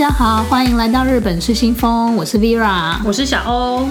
大家好，歡迎來到日本失心瘋，我是 Vera，我是小歐。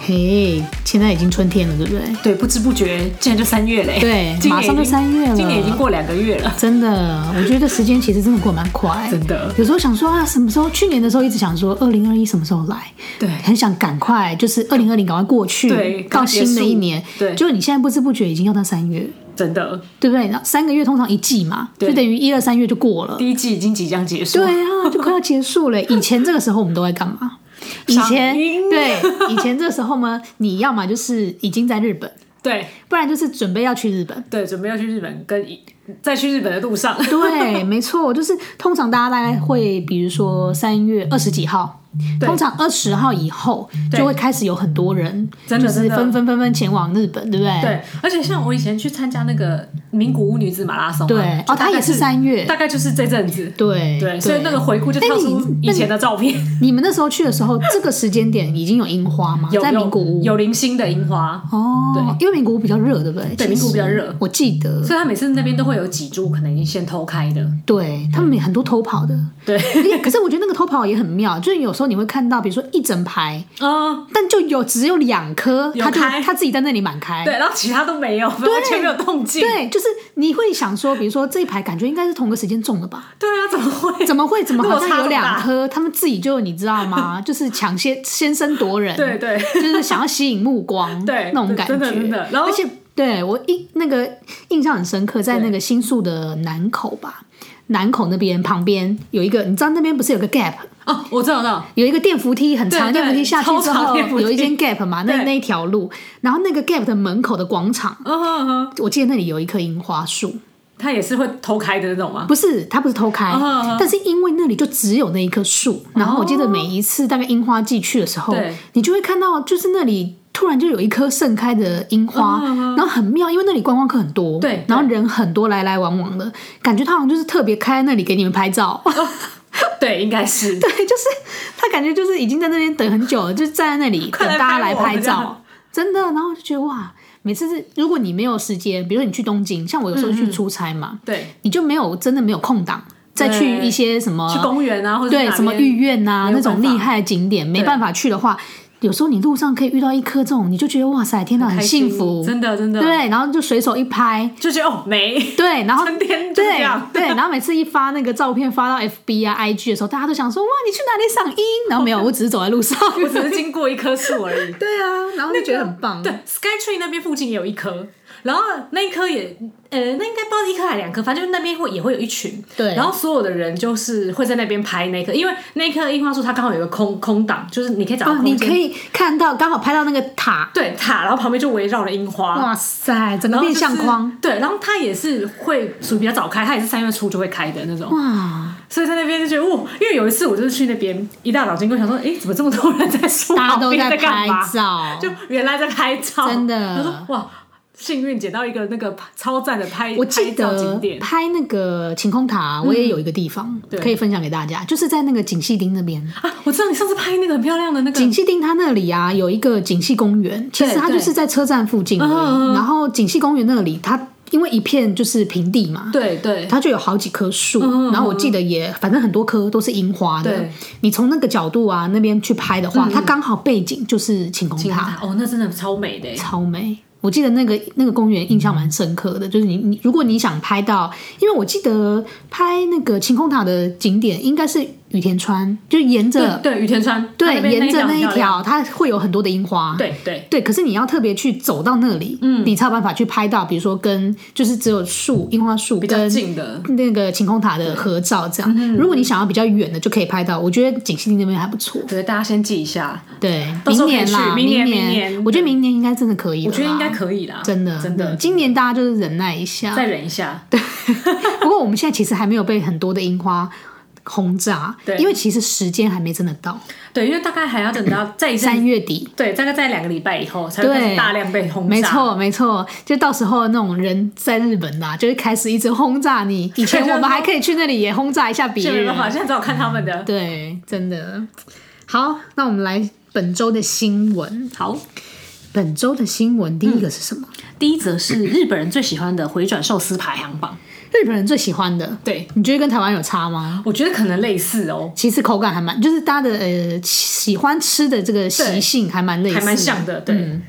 嘿、hey,，現在已經春天了，對不對？對，不知不覺，竟然就三月嘞。對，馬上就三月了今。今年已經過兩個月了，真的，我覺得時間其實真的過蠻快， 真的。有時候想說啊，什麼時候？去年的時候一直想說，二零二一什麼時候來？對，很想趕快，就是二零二零趕快過去，嗯、對，到新的一年。對，就是你現在不知不覺已經要到三月。真的，對不對？三個月通常一季嘛，對，就等於一二三月就過了。第一季已經即將結束了，對啊，就快要結束了。 以前這個時候我們都會幹嘛？以前 對，以前這個時候嘛，你要嘛就是已經在日本，對，不然就是準備要去日本，對，準備要去日本跟。地。在去日本的路上，對， 沒錯，就是通常大家大概會，比如說三月二十幾號，通常二十號以後就會開始有很多人，真的、就是紛紛紛紛前往日本，對不對？對。而且像我以前去參加那個名古屋女子馬拉松，對，哦，他也是三月，大概就是這陣子，對對。所以那個回顧就唱出以前的照片、欸你。你們那時候去的時候， 這個時間點已經有櫻花嗎？有,有在名古屋。有零星的櫻花哦，對，因為名古屋比較熱，對不對？對，名古屋比較熱，我記得，所以他每次那邊都會。會有幾株可能已經先偷開的，對，他們很多偷跑的，嗯、對。 可是我覺得那個偷跑也很妙，就是有時候你會看到，比如說一整排，哦、嗯，但就有只有兩顆，它就它自己在那裡滿開，對，然後其他都沒有，完全沒有動靜，對，對，就是你會想說，比如說這一排感覺應該是同個時間種的吧？對啊，怎麼會？怎麼會？怎麼好像有兩顆？啊、他們自己就你知道嗎？就是搶先先聲奪人，對對， 就是想要吸引目光，對，對那種感覺真的真的，然後。對我印那個印象很深刻，在那個新宿的南口吧，南口那邊旁邊有一個，你知道那邊不是有個 Gap 哦？我知道，我知道有一個電扶梯很長，電扶梯下去之後有一間 Gap 嘛，那那一條路，然後那個 Gap 的門口的廣場，我記得那裡有一棵櫻花樹，它也是會偷開的那種嗎？不是，它不是偷開，哦、呵呵但是因為那裡就只有那一棵樹、哦，然後我記得每一次大概櫻花季去的時候，你就會看到就是那裡。突然就有一棵盛開的櫻花、嗯，然後很妙，因為那裡觀光客很多，對，對然後人很多，來來往往的，感覺他好像就是特別開在那裡給你們拍照，哦、對，應該是， 對，就是他感覺就是已經在那邊等很久了，就站在那裡等大家來拍照，真的，然後就覺得哇，每次是如果你沒有時間，比如說你去東京，像我有時候去出差嘛，嗯嗯對，你就沒有真的沒有空檔再去一些什麼去公園啊，或者對什麼御苑啊那種厲害的景點，沒辦法去的話。有時候你路上可以遇到一棵這種，你就覺得哇塞，天吶，很幸福，真的，真的，對，然後就隨手一拍，就覺得哦，沒，對，然後春天就這樣對，對，然後每次一發那個照片，發到 FB 啊 IG 的時候，大家都想說 哇，你去哪裡賞櫻？然後沒有，我只是走在路上， 我只是經過一棵樹而已。 對啊，然後就覺得很棒。那個、對，Sky Tree 那邊附近也有一棵。然後那一棵也，呃，那應該包一棵還是兩棵？反正就是那邊會也會有一群。對。然後所有的人就是會在那邊拍那棵，因為那棵櫻花樹它剛好有個空空檔，就是你可以找到、哦。你可以看到剛好拍到那個塔。對塔，然後旁邊就圍繞了櫻花。哇塞，整個變相框、就是。對，然後它也是會屬於比較早開，它也是三月初就會開的那種。哇。所以在那邊就覺得，哦，因為有一次我就是去那邊，一大早經過，想說，哎，怎麼這麼多人在樹在大家都在拍照？就原來在拍照。真的。他說，哇。幸運撿到一個那個超讚的拍，我記得拍那個晴空塔、啊嗯，我也有一個地方可以分享給大家，就是在那個錦糸町那邊啊。我知道你上次拍那個很漂亮的那個錦糸町，它那裡啊有一個錦糸公園，其實它就是在車站附近。然後錦糸公園那裡它，它因為一片就是平地嘛，對對，它就有好幾棵樹。然後我記得也反正很多棵都是櫻花的。你從那個角度啊那邊去拍的話，它剛好背景就是晴空塔。哦，那真的超美的，超美。我記得那個那個公園印象蠻深刻的，就是你你，如果你想拍到，因為我記得拍那個晴空塔的景點應該是。雨田川，就沿着對，對雨田川，對那那，沿着那一條，它會有很多的櫻花。對對對，可是你要特別去走到那裡，嗯，你才有辦法去拍到，比如說跟就是只有樹櫻花樹比較近的，那個晴空塔的合照這樣。如果你想要比較遠的，就可以拍到。我覺得錦溪里那邊還不錯，以大家先記一下。對，明年啦，明年明年，我覺得明年應該真的可以，我覺得應該可以啦，真的真的，嗯，今年大家就是忍耐一下，再忍一下。對， 不過我們現在其實還沒有被很多的櫻花轟炸對，因為其實時間還沒真的到。對，因為大概還要等到再、嗯、三月底。對，大概在兩個禮拜以後才會大量被轟炸。沒錯，沒錯，就到時候那種人在日本啦、啊，就會開始一直轟炸你。以前我們還可以去那裡也轟炸一下別人。日本好像總看他們的、嗯。對，真的。好，那我們來本周的新聞。好，本周的新聞第一個是什麼？嗯、第一則是日本人最喜歡的迴轉壽司排行榜。日本人最喜歡的，對，你覺得跟台灣有差嗎？我覺得可能類似哦。其實口感還蠻，就是大家的呃喜歡吃的這個習性還蠻類似的、還蠻像的，對。嗯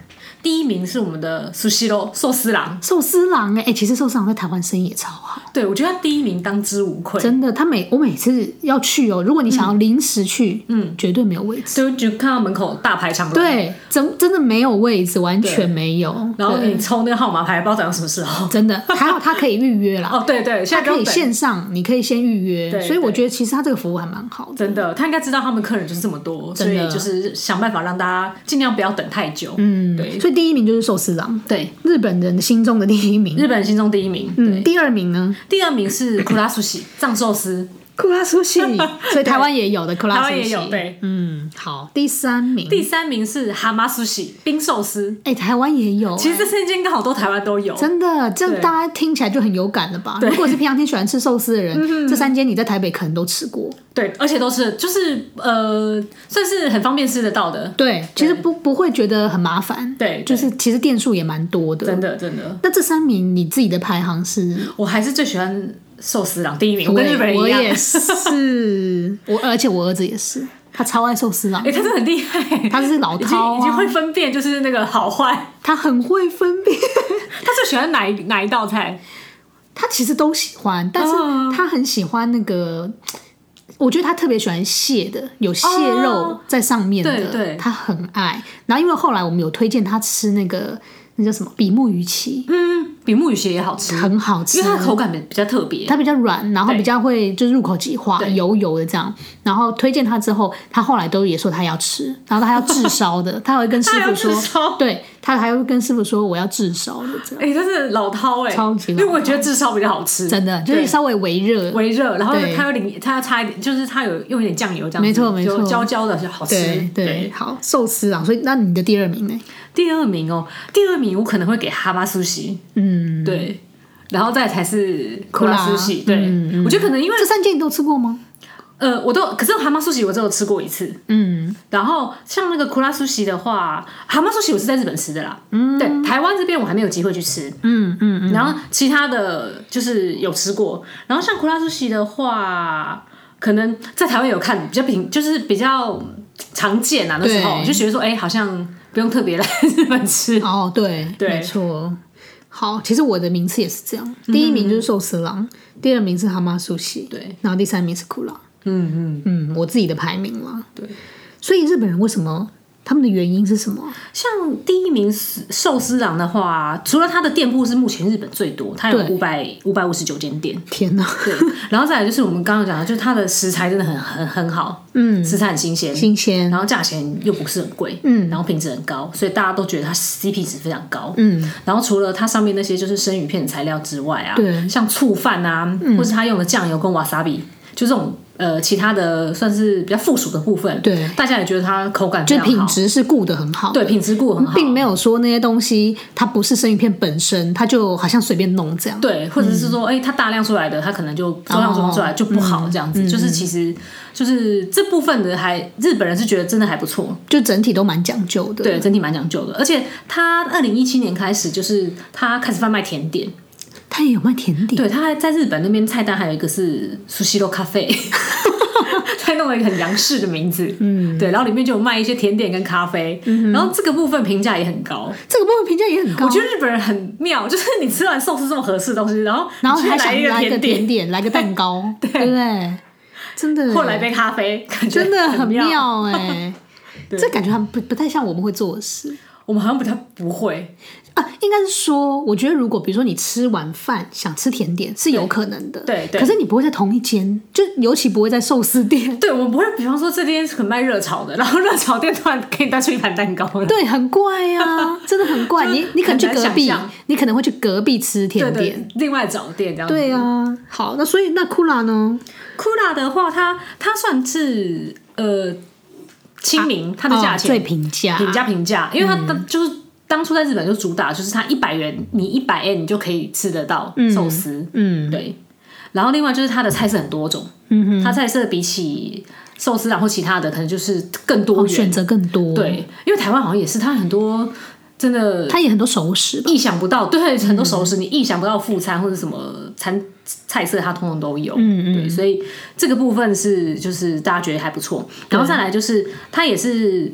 第一名是我們的蘇西嘍，壽司郎、壽司郎哎哎，其實壽司郎在台灣生意也超好。對，我覺得他第一名當之無愧。真的，他每我每次要去哦、喔，如果你想要臨時去嗯、嗯，絕對沒有位置。就就看到門口大排長龍。對，真真的沒有位置，完全沒有。然後你抽那個號碼牌，不知道等到什麼時候。真的，還好他可以預約啦。 哦，對，對對，現在他可以線上，你可以先預約對對對。所以我覺得其實他這個服務還蠻好的。真的，他應該知道他們客人就是這麼多，所以就是想辦法讓大家儘量不要等太久。嗯，對，所以。第一名就是壽司郎，對，日本人心中的第一名。日本人心中第一名，嗯對，第二名呢？第二名是庫拉壽司，藏壽司。庫拉蘇西，所以台灣也有的， 台灣也有對。嗯，好，第三名，第三名是蛤蟆蘇西冰壽司，哎，台灣也有，欸，其實這三間剛好多台灣都有，真的，這大家聽起來就很有感了吧？如果是平常天喜歡吃壽司的人，這三間你在台北可能都吃過，嗯、對，而且都是就是呃，算是很方便吃得到的，對，對其實不不會覺得很麻煩，對，對，對，就是其實店數也蠻多的，真的真的。那這三名你自己的排行是？我還是最喜歡。壽司郎第一名，我跟日本人一樣。我也是， 我而且我兒子也是，他超愛壽司郎。哎、欸，他真的很厲害、欸，他是老饕你、啊、會分辨就是那個好壞。他很會分辨。他最喜歡哪一 哪一道菜？他其實都喜歡，但是他很喜歡那個，oh. 我覺得他特別喜歡蟹的，有蟹肉在上面的，oh. 他很愛。然後因為後來我們有推薦他吃那個，那叫什麼比目魚鰭，嗯。比木魚鞋也好吃，很好吃，因為它的口感比較特別，它比較軟，然後比較會就是入口即化，油油的這樣。然後推薦它之後，他後來都也說他要吃，然後他要炙燒的，他 會跟師傅說，炙燒，對。他還會跟師傅說，我要炙燒的這樣，欸、但是老饕哎、欸，超級，因為我覺得炙燒比較好吃，真的就是稍微微熱，微熱，然後它有里它差一點，就是它有用一點醬油這樣，沒錯沒錯，焦焦的就好吃。對，對對好壽司啊，所以那你的第二名呢？嗯、第二名哦、喔，第二名我可能會給哈巴蘇西，嗯，對，然後再才是庫拉蘇西。對、嗯嗯，我覺得可能因為這三間你都吃過嗎？呃，我都可是蛤蟆蘇西我只有吃過一次，嗯，然後像那個酷拉蘇西的話，嗯、蛤蟆蘇西我是在日本吃的啦，嗯，對，台灣這邊我還沒有機會去吃，嗯嗯，嗯，然後其他的就是有吃過，然後像酷拉蘇西的話，可能在台灣有看比較平，就是比較常見啊，那時候就覺得說，哎，好像不用特別來日本吃，哦，對對，沒錯，好，其實我的名次也是這樣，第一名就是壽司郎，嗯嗯嗯，第二名是蛤蟆蘇西，對，然後第三名是酷拉。嗯嗯嗯，我自己的排名了。對，所以日本人為什麼他們的原因是什麼？像第一名壽司郎的話，除了他的店鋪是目前日本最多，他有五百五百五十九間店。天哪！對，然後再來就是我們剛剛講的，就是他的食材真的很很很好，嗯，食材很新鮮，新鮮，然後價錢又不是很貴，嗯，然後品質很高，所以大家都覺得他 CP 值非常高，嗯。然後除了他上面那些就是生魚片的材料之外啊，對，像醋飯啊，嗯、或是他用的醬油跟瓦薩比，就這種。呃，其他的算是比較附屬的部分，對，大家也覺得它口感就品質是顧得固得很好，對，品質顧很好，並沒有說那些東西它不是生魚片本身，它就好像隨便弄這樣，對，或者是說哎、嗯欸，它大量出來的，它可能就多量做出，出來就不好這樣子，哦嗯、就是其實就是這部分的還日本人是覺得真的還不錯，就整體都蠻講究的，對，整體蠻講究的，而且他二零一七年開始就是他開始販賣甜點。他也有賣甜點，對，他還在日本那邊菜單還有一個是 Sushiro Cafe，他弄了一個很洋式的名字，嗯，對，然後裡面就有賣一些甜點跟咖啡，嗯、然後這個部分評價也很高，這個部分評價也很高，我覺得日本人很妙，就是你吃完壽司這麼合適的東西，然後然後他還想一個甜，來個甜點，來個蛋糕， 對對，對？真的，或來杯咖啡，感覺真的很妙哎、欸， 這感覺還不不太像我們會做的事，我們好像不太不會。啊，應該是說，我覺得如果比如說你吃完飯想吃甜點是有可能的，對對。可是你不會在同一間，就尤其不會在壽司店。對，我不會。比方說，這邊很賣熱炒的，然後熱炒店突然給你端出一盤蛋糕，對，很怪呀，啊，真的很怪。 你你可能去隔壁想，你可能會去隔壁吃甜點，另外找店這樣。對啊，好，那所以那酷拉呢酷拉的話，它，它它算是呃親民，啊，它的價錢，哦，最平價，平價平價，因為它的就是。嗯當初在日本就主打就是它一百元，你一百円你就可以吃得到壽司，嗯，嗯，對。然後另外就是它的菜色很多種，嗯哼、嗯，它菜色比起壽司，然後其他的可能就是更多、哦、選擇更多，對，因為台灣好像也是，它很多真的，它也很多熟食，意想不到，對，嗯、很多熟食，你意想不到副餐或者什麼餐菜色它通通都有，嗯嗯對，所以這個部分是就是大家覺得還不錯。然後再來就是它也是，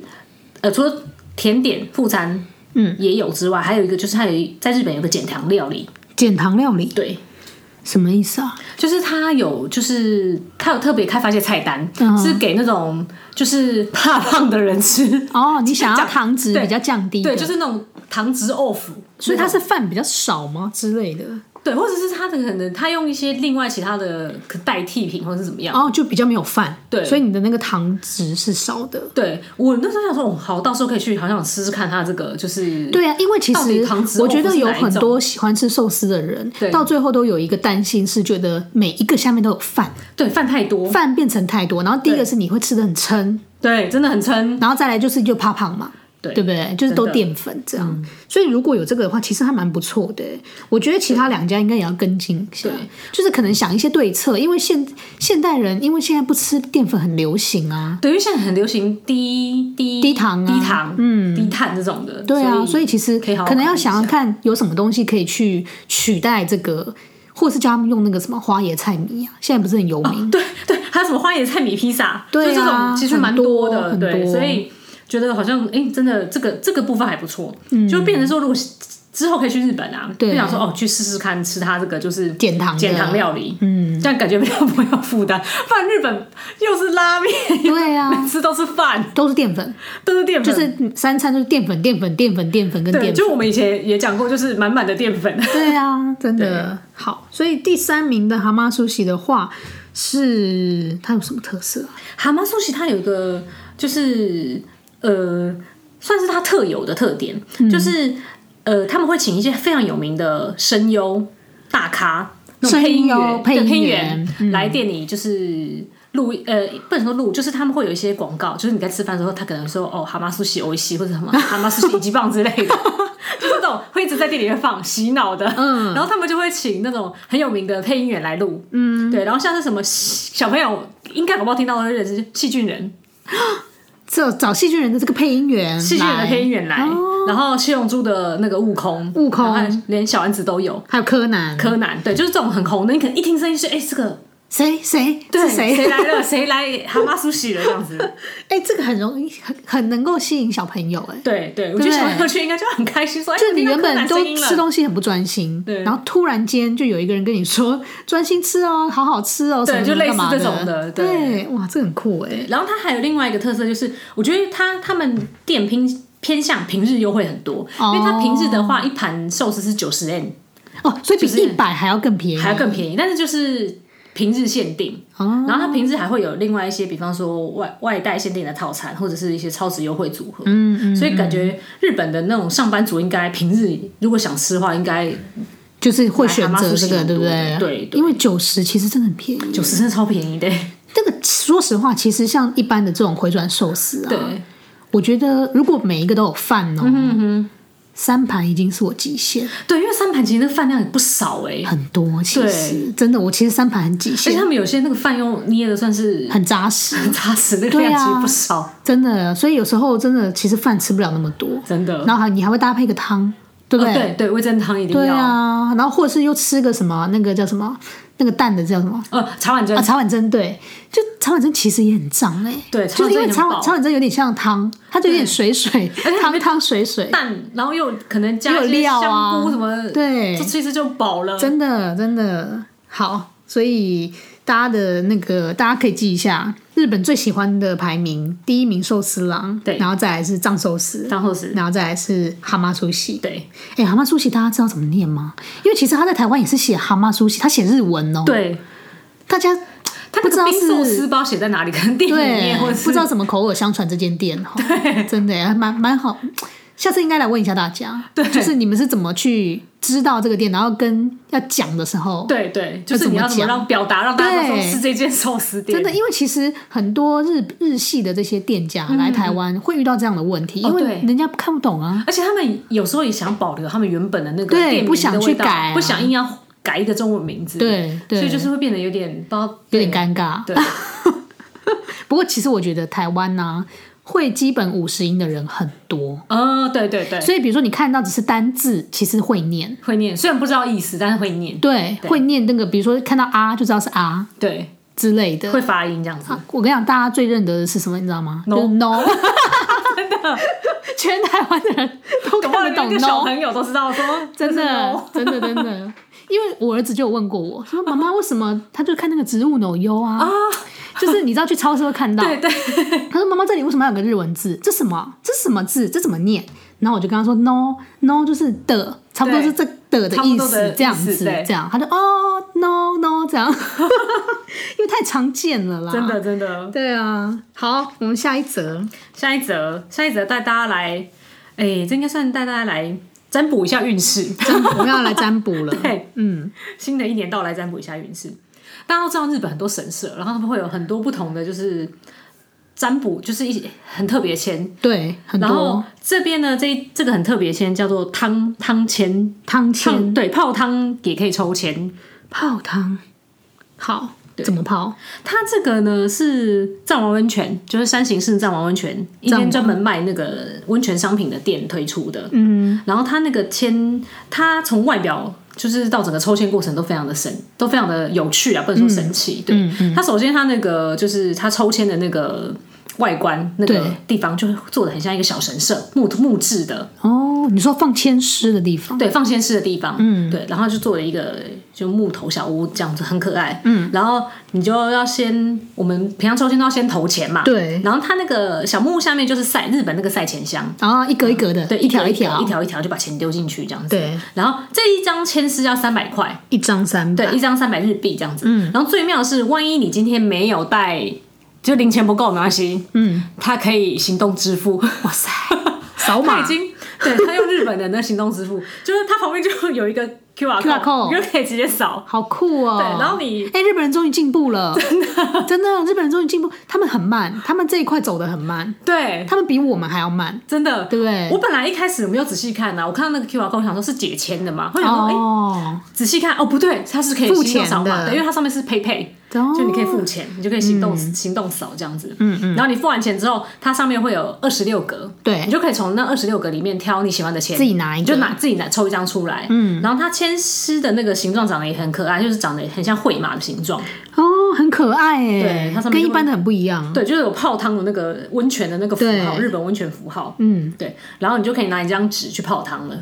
呃，除了甜點、副餐。嗯，也有之外，還有一個就是，它有在日本有個減糖料理。減糖料理，對，什麼意思啊？就是他有，就是他有特別開發一些菜單，嗯，是給那種就是怕胖的人吃。嗯、 哦，你想要糖質比較降低對，對，就是那種糖質 off。所以它是飯比較少嗎？嗯，之類的？對，或者是他的可能，他用一些另外其他的可代替品，或者是怎麼樣，哦，就比較沒有飯，對，所以你的那個糖質是少的。對，我那時候想說，好，到時候可以去，好想試試看他這個，就是對啊，因為其實糖質我覺得有很多喜歡吃壽司的人，對，到最後都有一個擔心，是覺得每一個下面都有飯，對，飯太多，飯變成太多，然後第一個是你會吃得很撐，對，真的很撐，然後再來就是就怕胖嘛。對，對不對？就是都澱粉這樣，嗯，所以如果有這個的話，其實還蠻不錯的。我覺得其他兩家應該也要跟進一下，對，就是可能想一些對策，因為現現代人因為現在不吃澱粉很流行啊，對，因為現在很流行低低低糖、啊、低糖、嗯、低碳這種的，對啊，所以其實可能要想要看有什麼東西可以去取代這個，或是叫他們用那個什麼花椰菜米啊，現在不是很有名，哦、對對，還有什麼花椰菜米披薩，對、啊、這種其實蠻多的，很多對很多，所以。覺得好像，欸，真的這個這個部分還不錯，嗯，就變成說，如果之後可以去日本啊，就想說哦，去試試看吃它這個就是減糖減糖料理糖，嗯，這樣感覺比較沒有負擔。但日本又是拉麵，對啊，每次都是飯，都是澱粉，都是澱粉，就是三餐就是澱粉，澱粉，澱粉，澱粉跟澱粉。就我們以前也講過，就是滿滿的澱粉。對啊，真的好。所以第三名的濱壽司的話是，是它有什麼特色啊？濱壽司它有一個就是。呃，算是他特有的特點，嗯、就是呃，他們會請一些非常有名的聲優大咖，配音配音員，配音員，配音員、嗯、來店裡，就是錄呃，不能說錄，就是他們會有一些廣告，就是你在吃飯的時候，他可能說，哦，蛤蟆酥洗胃洗，或者什麼蛤蟆酥提肌棒之類的， 就是這種會一直在店裡面放洗腦的。嗯，然後他們就會請那種很有名的配音員來錄，嗯，對，然後像是什麼小朋友應該寶寶聽到會認識細菌人。嗯。這找細菌人的這個配音員，細菌人的配音員來，哦、然後七龍珠的那個悟空，悟空，連小丸子都有，還有柯南，柯南，對，就是這種很紅的，你可能一聽聲音、欸、是，哎，這個。誰誰對誰誰來了？誰 來哈馬壽司了這樣子？哎、欸，這個很容易，很很能夠吸引小朋友、欸。哎，對對，對，我覺得小朋友去應該就很開心。就你原本都吃東西很不專心，對，然後突然間就有一個人跟你說專心吃哦、喔，好好吃哦、喔，什麼，什麼就類似這種的，對，哇，這個很酷哎、欸。然後他還有另外一個特色，就是我覺得他他們店偏偏向平日優惠很多，嗯、因為他平日的話一盤壽司是九十円哦，所以比一百還要更便宜，還要更便宜。但是就是。平日限定，然後它平日還會有另外一些，比方說外外帶限定的套餐，或者是一些超值優惠組合。嗯，嗯，嗯，所以感覺日本的那種上班族應該平日如果想吃的話，應該就是會選擇這個，對不對？對，對，因為九十其實真的很便宜，九十真的超便宜的。 這個說實話，其實像一般的這種回轉壽司啊，對，我覺得如果每一個都有飯哦。嗯哼嗯哼三盤已經是我極限，對，因為三盤其實那個飯量也不少哎、欸，很多其實真的，我其實三盤很極限，而且他們有些那個飯用捏的算是很扎實，扎實，很紮實那個量其實不少、啊，真的，所以有時候真的其實飯吃不了那麼多，真的，然後還你還會搭配一個湯，對不對？哦、對,對，味噌湯一定要，對啊，然後或者是又吃個什麼那個叫什麼？那個蛋的叫什麼？呃，茶碗蒸啊，茶碗蒸對，就茶碗蒸其實也很髒哎、欸，對，就因為茶碗茶碗蒸有點像湯，它就有點水水，湯湯水水，蛋，然後又可能加一些香菇什麼，料、啊、什麼，對，這其實就飽了，真的真的好，所以大家的那個大家可以記一下。日本最喜歡的排名，第一名壽司郎，對，然後再來是藏壽司，藏壽司，然後再來是蛤蟆出席，對，哎，蛤蟆出席，大家知道怎麼念嗎？因為其實他在台灣也是寫蛤蟆出席，他寫日文哦，對，大家他不知道是壽司包寫在哪裡，肯定店不知道怎麼口耳相傳這間店哦，真的呀，還蠻蠻好。下次應該來問一下大家，就是你們是怎麼去知道這個店，然後跟要講的時候，對對，就是你要樣怎麼表達讓表達讓大家知道是這間壽司店。真的，因為其實很多日日系的這些店家來台灣會遇到這樣的問題，嗯、因為人家看不懂啊、哦，而且他們有時候也想保留他們原本的那個店名的味道，對，不想去改、啊，不想硬要改一個中文名字，對，對所以就是會變得有點不知道，有點尷尬。對， 不過其實我覺得台灣呢、啊。會基本五十音的人很多哦，對對對所以比如說你看到只是單字，其實會念會念，雖然不知道意思，但是會念，對，對會念那個，比如說看到 r、啊、就知道是 r、啊、對之類的，會發音這樣子、啊。我跟你講，大家最認得的是什麼，你知道嗎？no，真的，就是 no、 全台灣的人都看得懂、no，小朋友都知道說、no，真的，真的，真的。 因為我兒子就有問過我說：“媽媽，為什麼他就看那個植物 NOU 啊？啊、oh,，就是你知道去超市會看到。 對對。他說：“媽媽，這裡為什麼要有個日文字？這什麼？這什麼字？這怎麼念？”然後我就跟他說：“No，No no 就是的，差不多是這的的意思，這樣子，這樣。”他就哦、oh,，No，No 這樣， 因為太常見了啦。真的，真的。對啊，好，我們下一則，下一則，下一則，帶大家來，哎、欸，這應該算帶大家來。占卜一下運勢，我們要來占卜了。 對，嗯，新的一年到來，占卜一下運勢。大家都知道日本很多神社，然後他們會有很多不同的就是占卜，就是一些很特別籤。對，很多。然後這邊呢，這這個很特別籤叫做湯湯籤，湯籤湯，對，泡湯也可以抽籤，泡湯，好。怎麼泡？它這個呢是藏王溫泉，就是山形市藏王溫泉一間專門賣那個溫泉商品的店推出的。嗯，然後它那個籤，它從外表就是到整個抽籤過程都非常的神，都非常的有趣啊，不能說神奇。嗯、對、嗯嗯，它首先它那個就是它抽籤的那個。外觀那個地方就做得很像一個小神社，木木質的哦。你說放籤詩的地方？對，放籤詩的地方。嗯，對，然後就做了一個就木頭小屋這樣子，很可愛。嗯，然後你就要先，我們平常抽籤都要先投錢嘛。對，然後他那個小木下面就是賽日本那個賽錢箱啊，一格一格的，嗯、對，一條一條，一條一條就把錢丟進去這樣子。對，然後這一張籤詩要三百塊，一張三百，對，一張三百日幣這樣子。嗯，然後最妙的是，萬一你今天沒有帶。就零錢不夠，沒關係，嗯，他可以行動支付。哇塞，掃 碼他已經 對他用日本的那行動支付， 就是他旁邊就有一個 QR code，QR code 你就可以直接掃。好酷哦！對，然後你哎、欸，日本人終於進步了，真的真的，日本人終於進步。他們很慢，他們這一塊走得很慢，對他們比我們還要慢，真的，對我本來一開始有沒有仔細看啊，我看到那個 QR code，我想說是解籤的嘛，後想說哎、哦欸，仔細看哦，不對，它是可以掃碼的付錢掃碼，因為它上面是 PayPay pay。Oh, 就你可以付錢，你就可以行動、嗯、行動掃這樣子。嗯嗯。然後你付完錢之後，它上面會有二十六格。對。你就可以從那二十六格裡面挑你喜歡的籤，自己拿一個你就拿自己拿抽一張出來。嗯。然後它籤詩的那個形狀長得也很可愛，就是長得很像繪馬的形狀。哦、oh,，很可愛、欸。對，它上面跟一般的很不一樣。對，就是有泡湯的那個溫泉的那個符號，日本溫泉符號。嗯，對。然後你就可以拿一張紙去泡湯了。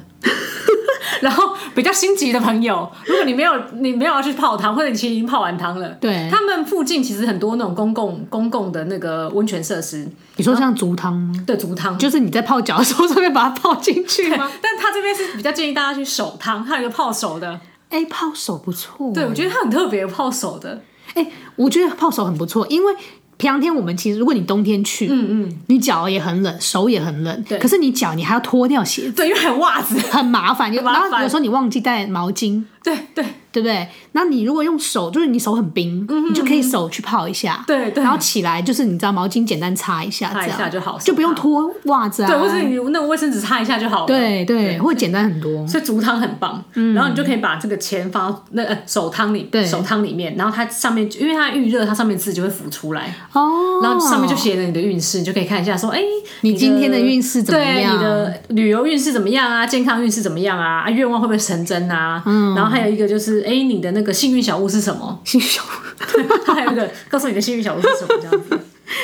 然後。比較心急的朋友，如果你沒有你沒有要去泡湯，或者你其實已經泡完湯了，對，他們附近其實很多那種公共公共的那個溫泉設施。你說像足湯，對足湯，就是你在泡腳的時候，這邊把它泡進去嗎？但他這邊是比較建議大家去手湯，他有一個泡手的，哎、欸，泡手不錯、欸，對我覺得他很特別，泡手的，哎、欸，我覺得泡手很不錯，因為。平常天我們其實，如果你冬天去，嗯嗯，你腳也很冷，手也很冷，對，可是你腳你還要脫掉鞋子，對，因為還有襪子，很麻煩，麻煩。然後有時候你忘記帶毛巾。對對對，不對？那你如果用手，就是你手很冰，嗯、你就可以手去泡一下，對對，然後起來就是你知道毛巾簡單擦一下，擦一下就好，就不用脫襪子啊，對，或者你用那個衛生紙擦一下就好了，對對，會簡單很多。所以足湯很棒，嗯，然後你就可以把這個錢放那、呃、手湯裡，對，手湯裡面，然後它上面因為它預熱，它上面字就會浮出來哦，然後上面就寫了你的運勢，你就可以看一下說，說、欸、哎，你今天的運勢怎麼樣？你的旅遊運勢怎麼樣啊？健康運勢怎麼樣啊？啊，願望會不會成真啊？嗯，然後還。還有一個就是，哎、欸，你的那個幸運小物是什麼？幸運小物，對，還有一個，告訴你的幸運小物是什麼這樣子？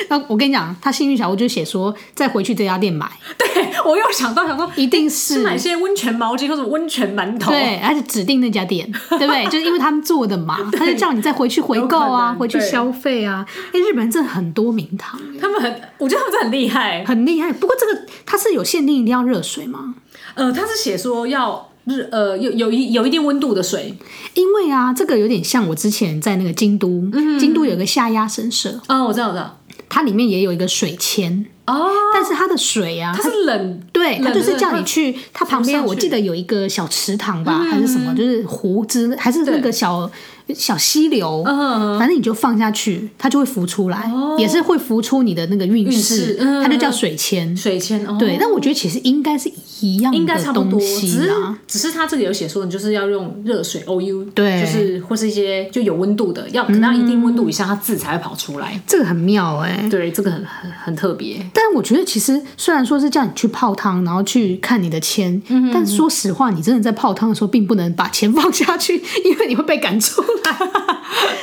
那 我跟你講，他幸運小物就寫說再回去這家店買。對，我又想到想說，一定是買、欸、些溫泉毛巾或者溫泉饅頭。對，而且指定那家店，對不對？ 就是因為他們做的嘛，他就叫你再回去回購啊，回去消費啊。哎、欸，日本人真的很多名堂，他們很，我覺得他們真的很厲害，很厲害。不過這個他是有限定，一定要熱水嗎？呃，他是寫說要。日呃有有，有一有一定溫度的水，因為啊這個有點像我之前在那個京都，嗯嗯京都有個下鴨神社哦，我知道，我知道，它裡面也有一個水籤哦。但是它的水啊它是冷，它冷，對，它就是叫你去它旁邊，我記得有一個小池塘吧還是什麼，就是湖之還是那個小。嗯嗯小溪流，uh, uh, uh, 反正你就放下去，它就會浮出來，uh, 也是會浮出你的那個運勢，uh, uh, uh, 它就叫水籤。水籤，對、嗯。但我覺得其實應該是一樣的東西，啊，應該差不多，只是只是它這裡有寫說，你就是要用熱水，哦 OU 對，就是或是一些就有溫度的，要可能要一定溫度以下，它字才會跑出來。嗯、這個很妙哎、欸，對，這個很很很特別，欸。但我覺得其實雖然說是叫你去泡湯，然後去看你的籤，嗯，但說實話，你真的在泡湯的時候，並不能把籤放下去，因為你會被趕出。哈哈，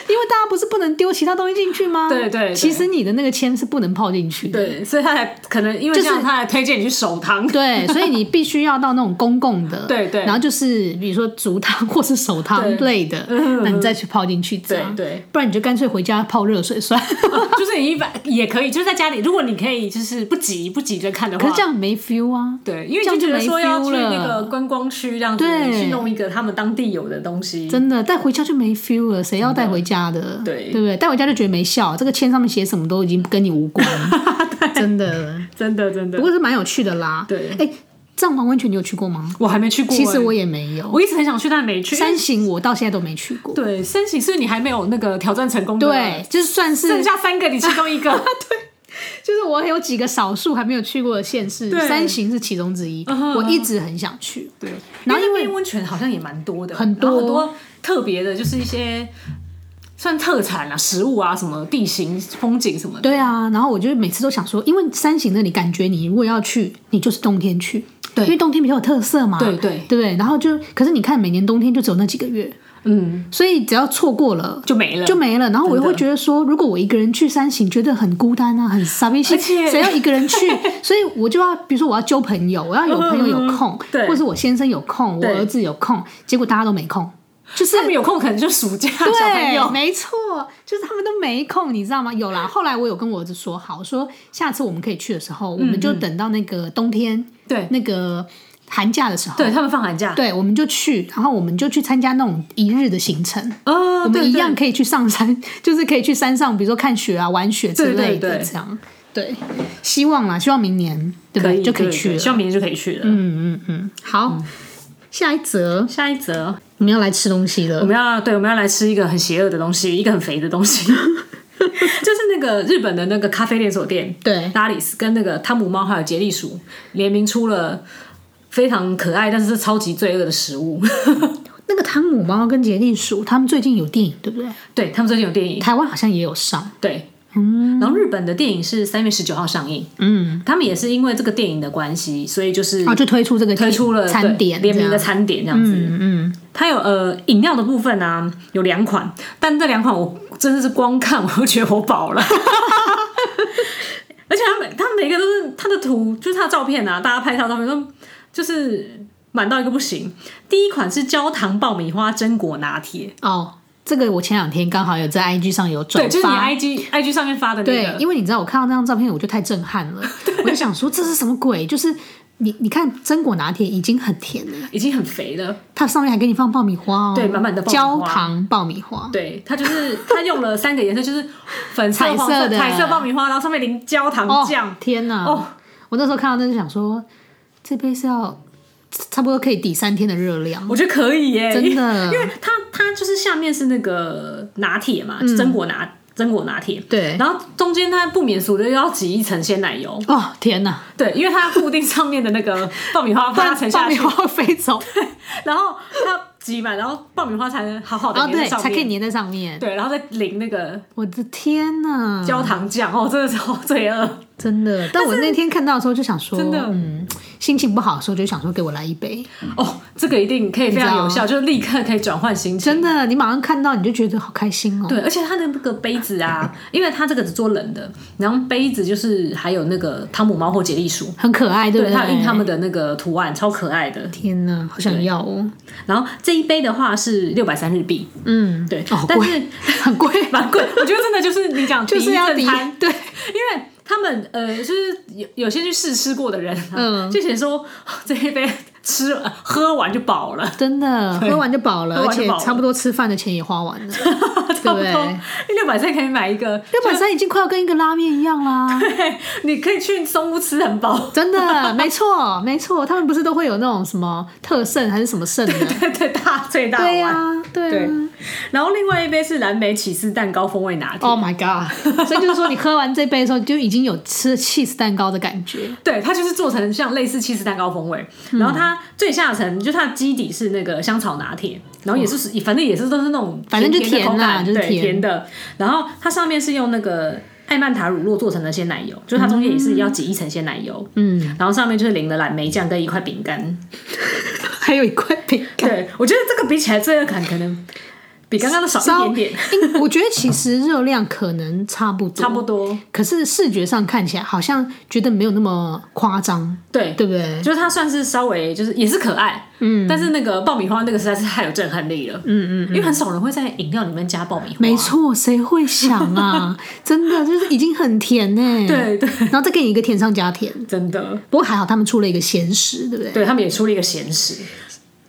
因為大家不是不能丟其他東西進去嗎？對對，對，其實你的那個籤是不能泡進去的。對，所以他才可能因為這樣，他才推薦你去手湯、就是。對，所以你必須要到那種公共的。對對，對。然後就是比如說足湯或是手湯類的，對那你再去泡進去這樣。對對，對。不然你就乾脆回家泡熱水算了。對對對 就是你一般也可以，就是在家裡，如果你可以就是不急不急着看的話。可是這樣沒 feel 啊。對，因為你就覺得說要去那個觀光區這樣子，對去弄一個他們當地有的東西，真的帶回家就沒 feel。誰要帶回家的，對對不對？帶回家就覺得沒效，這個籤上面寫什麼都已經跟你無關， 真的真的真的，不過是蠻有趣的啦。對，哎、欸，藏王溫泉你有去過嗎？我還沒去過、欸，其實我也沒有，我一直很想去，但沒去。三行我到現在都沒去過，對，三行是你還沒有那個挑戰成功的，對，就是算是剩下三個，你其中一個， 對。就是我有幾個少數還沒有去過的縣市，三行是其中之一，uh -huh. 我一直很想去。對，然後因為溫泉好像也蠻多的，很多很多特別的，就是一些。算特產啊，食物啊，什麼地形、風景什麼的。對啊，然後我就每次都想說，因為山形那裡感覺你如果要去，你就是冬天去。對，因為冬天比較有特色嘛。對對對，對對對，然後就，可是你看，每年冬天就只有那幾個月。嗯。所以只要錯過了就沒了，就沒了。然後我又會覺得說，如果我一個人去山形，覺得很孤單啊，很傻逼。而且誰要一個人去？ 所以我就要，比如說我要交朋友，我要有朋友有空，或、嗯、或是我先生有空，我兒子有空，結果大家都沒空。就是他們有空可能就暑假，對，小朋友。沒錯，就是他們都沒空，你知道嗎？有啦。後來我有跟我兒子說好，說下次我們可以去的時候，嗯嗯，我們就等到那個冬天，對，那個寒假的時候，對，他們放寒假，對，我們就去，然後我們就去參加那種一日的行程。哦，我們一樣可以去上山，對對對，就是可以去山上，比如說看雪啊、玩雪之類的這樣。對，對，對，對，希望啦，希望明年對不對？可以，就可以去了對對對，希望明年就可以去了。嗯嗯嗯，嗯，好，下一則，下一則。我們要來吃東西了。我們要對，我們要來吃一個很邪惡的東西，一個很肥的東西， 就是那個日本的那個咖啡連鎖店對，Tully's 跟那個湯姆貓還有傑利鼠聯名出了非常可愛但是是超級罪惡的食物。 那個湯姆貓跟傑利鼠，他們最近有電影對不對？對他們最近有電影，台灣好像也有上對。嗯，然後日本的電影是三月十九號上映。嗯，他們也是因為這個電影的關係，所以就是啊、哦，就推出這個推出了餐點聯名的餐點這樣子。嗯嗯，它有呃飲料的部分啊，有兩款，但這兩款我真的是光看我都覺得我飽了， 而且他每他每個都是他的圖，就是他的照片啊，大家拍他的照片都就是滿到一個不行。第一款是焦糖爆米花榛果拿鐵哦。這個我前兩天剛好有在 IG 上有轉發，對，就是你 IG IG 上面發的那個。對，因為你知道我看到那張照片，我就太震撼了 對。我就想說這是什麼鬼？就是你你看榛果拿鐵已經很甜了，已經很肥了，它上面還給你放爆米花哦，對，滿滿的爆米花、焦糖爆米花。對，它就是它用了三個顏色， 就是粉色、黃色、彩色的彩色爆米花，然後上面淋焦糖醬。哦、天哪、哦！我那時候看到那就想說這杯是要。差不多可以抵三天的熱量，我覺得可以耶、欸。真的，因為它它就是下面是那個拿鐵嘛，榛、嗯、果拿榛果拿鐵。對，然後中間它不免俗的又要擠一層鮮奶油。哦天吶，對，因為它要固定上面的那個爆米花，不 然沉下去爆米花會飛走對。然後它。 集滿，然後爆米花才能好好的粘在上面、哦、對才可以粘在上面。對，然後再淋那個，我的天吶、啊，焦糖醬哦，真的超罪惡，真的。但我那天看到的時候就想說，真的、嗯，心情不好的時候就想說給我來一杯哦，這個一定可以非常有效，就立刻可以轉換心情。真的，你馬上看到你就覺得好開心哦。對，而且它的那個杯子啊，因為它這個只做冷的，然後杯子就是還有那個湯姆貓或傑利鼠，很可愛，對不對？對，它有印他們的那個圖案，超可愛的。天哪，好想要哦。然後。這一杯的話是六百三日幣，嗯，對，哦、好貴，但是很貴，蠻貴。我覺得真的就是 你講就是要攤對，因為。他們呃，就是有有些去試吃過的人，嗯，就寫說這一杯吃喝完就飽了，真的喝完就飽了，而且差不多吃飯的錢也花完了，完了對差不多六百三可以買一個，六百三已經快要跟一個拉面一樣啦、啊。對，你可以去中屋吃很飽，真的， 沒錯，沒錯，他們不是都會有那種什麼特盛還是什麼盛的，對對對，大最大碗，對呀、啊啊，對。然後另外一杯是藍莓起司蛋糕風味拿鐵。Oh my god！所以就是說，你喝完這杯的時候，就已經有吃起司蛋糕的感覺。 對，它就是做成像類似起司蛋糕風味。嗯、然後它最下層就它的基底是那個香草拿鐵，然後也是、哦，反正也是都是那種甜甜反正就是甜的，啊就是，對甜的。然後它上面是用那個艾曼塔乳酪做成的鮮奶油，嗯、就是它中間也是要擠一層鮮奶油。嗯。然後上面就是淋了藍莓醬跟一塊餅乾， 還有一塊餅乾。對，我覺得這個比起來，這個感可能。比剛剛的少一點點，因為我覺得其實熱量可能差不多， 差不多。可是視覺上看起來好像覺得沒有那麼誇張，對，對不對？就是它算是稍微就是也是可愛，嗯。但是那個爆米花那個實在是太有震撼力了，嗯嗯，嗯。因為很少人會在飲料裡面加爆米花，沒錯，誰會想啊？ 真的就是已經很甜呢、欸，對對。然後再給你一個甜上加甜，真的。不過還好他們出了一個鹹食，對不對？對，他們也出了一個鹹食。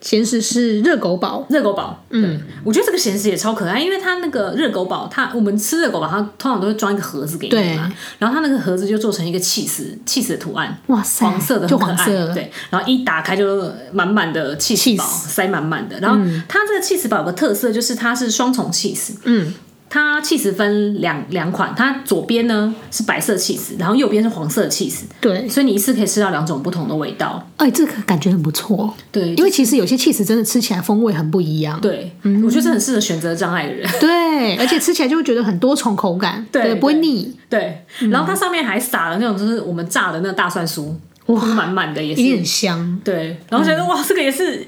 鹹食是熱狗堡，熱狗堡。嗯，我覺得這個鹹食也超可愛，因為它那個熱狗堡，它我們吃熱狗堡，它通常都會裝一個盒子給你嘛，對，然後它那個盒子就做成一個起司起司的圖案，哇塞，黃色的很可愛，對，然後一打開就滿滿的起司堡塞滿滿的，然後它這個起司堡有個特色，就是它是雙重起司。嗯。它起司分兩兩款，它左邊呢是白色起司，然後右邊是黃色起司。對，所以你一次可以吃到兩種不同的味道。哎、欸，這個感覺很不錯。對，因為其實有些起司真的吃起來風味很不一樣。對，嗯、我覺得是很適合選擇障礙的人。對， 而且吃起來就會覺得很多重口感。對，對，不會膩。對，對、嗯，然後它上面還撒了那種就是我們炸的那大蒜酥，哇，滿滿的也是很香。對，然後覺得、嗯、哇，這個也是。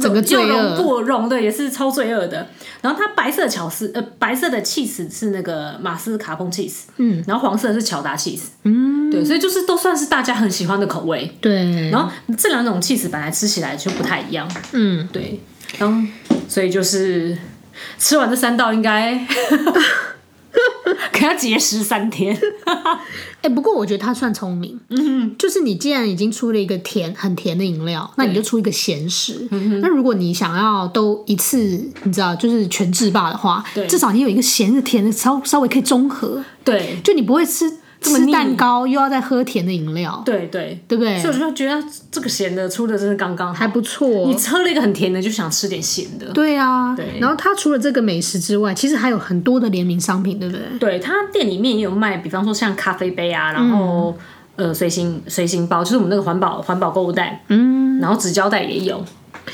整個又融不融的也是超罪惡的，然後它白色巧絲呃白色的起司是那個馬斯卡彭起司，嗯，然後黃色是巧達起司，嗯，對，所以就是都算是大家很喜歡的口味，對，然後這兩種起司本來吃起來就不太一樣，嗯，對，然後所以就是吃完這三道應該、嗯。 可要節食三天，欸，哎，不過我覺得他算聰明，嗯哼，就是你既然已經出了一個甜很甜的飲料，那你就出一個鹹食，嗯哼，那如果你想要都一次，你知道，就是全制霸的話，對，至少你有一個鹹的甜的，稍稍微可以中和，對，就你不會吃。吃蛋糕又要再喝甜的飲料，對對，對不對？所以我覺得覺得這個鹹的出真的真是剛剛還，還不錯、哦。你喝了一個很甜的，就想吃點鹹的，對啊對。然後它除了這個美食之外，其實還有很多的聯名商品，對不對？對，它店裡面也有賣，比方說像咖啡杯啊，然後、嗯、呃隨行隨行包，就是我們那個環保環保購物袋，嗯，然後紙膠帶也有。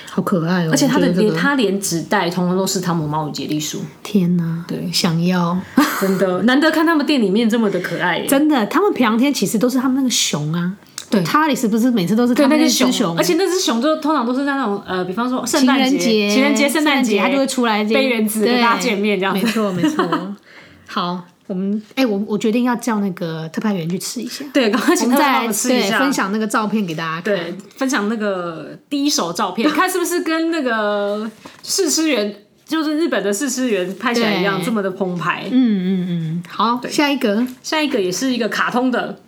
好可愛哦、喔！而且他的、這個，連他連紙袋通常都是湯姆貓與傑利鼠。天哪、啊！對，想要真的 難得看他們店裡面這麼的可愛、欸。真的，他們平常天其實都是他們那個熊啊。對，他那裡是不是每次都是他那只熊、熊？而且那只熊就通常都是在那種呃，比方說聖誕節、情人節、聖誕節，他就會出來背原子跟大家見面這樣子。沒錯，沒錯。沒錯 好。我們哎、欸，我我決定要叫那個特派員去吃一下。對，剛剛吃一下我們再，分享那個照片給大家看，對，分享那個第一手照片，你看是不是跟那個試吃員，就是日本的試吃員拍起來一樣，這麼的澎湃？嗯嗯嗯，好，對，下一個，下一個也是一個卡通的，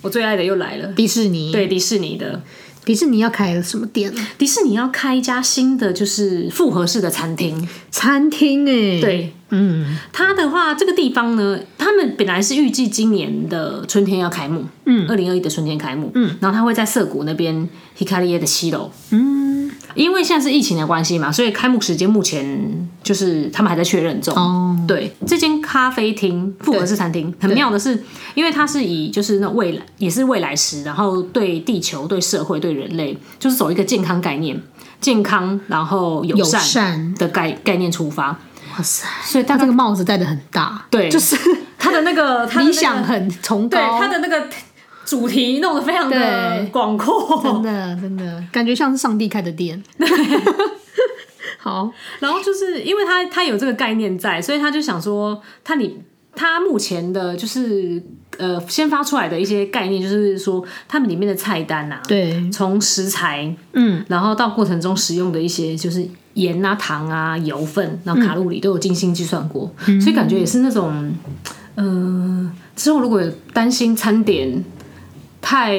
我最愛的又來了，迪士尼，對迪士尼的。迪士尼要開什麼店啊？迪士尼要開一家新的，就是複合式的餐廳。餐廳哎、欸，對，嗯，它的話，這個地方呢，他們本來是預計今年的春天要開幕，嗯，二零二一的春天開幕，嗯，然後它會在澀谷那邊 Hikarie 的七樓，嗯。因為現在是疫情的關係嘛，所以開幕時間目前就是他們還在確認中。哦、oh.，對，這間咖啡廳複合式餐廳很妙的是，因為它是以就是那未來也是未來時，然後對地球、對社會、對人類，就是走一個健康概念，健康然後友善的概善概,概念出發。哇塞！所以他這個帽子戴得很大剛剛，對，就是他的那個理想很崇高，對，他的那個。主題弄得非常的廣闊， 真的真的感覺像是上帝開的店。 好、欸，然後就是因為他他有這個概念在，所以他就想說，他你他目前的，就是呃，先發出來的一些概念，就是說，他們裡面的菜單啊，對，從食材，嗯，然後到過程中使用的一些，就是鹽啊、糖啊、油分，然後卡路里都有精心計算過，嗯、所以感覺也是那種，嗯，呃、之後如果擔心餐點。太，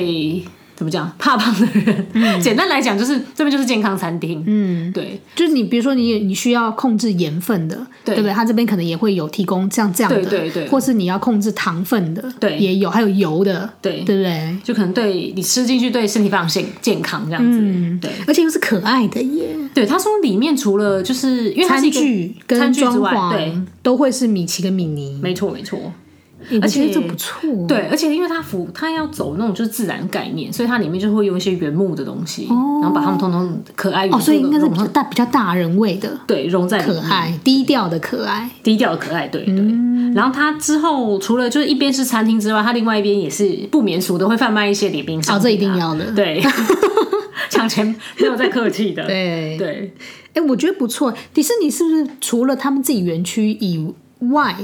怎麼講？怕胖的人，嗯、簡單來講就是這邊就是健康餐廳。嗯，對，就是你比如說你你需要控制鹽分的對，對不對？他這邊可能也會有提供像這樣的，對對對，或是你要控制糖分的，對，也有，還有油的，對，對不對？就可能對你吃進去對身體非常健康這樣子，嗯，對，而且又是可愛的耶。對，他說裡面除了就是因為是餐具跟裝潢，都會是米奇跟米妮，沒錯沒錯。啊、而且這不錯，對，而且因為它符，它要走那種就是自然概念，所以它裡面就會用一些原木的東西，哦、然後把它們通通可愛。哦，所以應該是比較大比較大人味的，對，融在可愛低調的可愛，低調的可愛，對對、對、嗯。然後它之後除了就是一邊是餐廳之外，它另外一邊也是不免俗的，會販賣一些禮品、啊。哦，這一定要的，對，搶錢沒有再客氣的，對對。哎、欸，我覺得不錯，迪士尼是不是除了他們自己園區以外？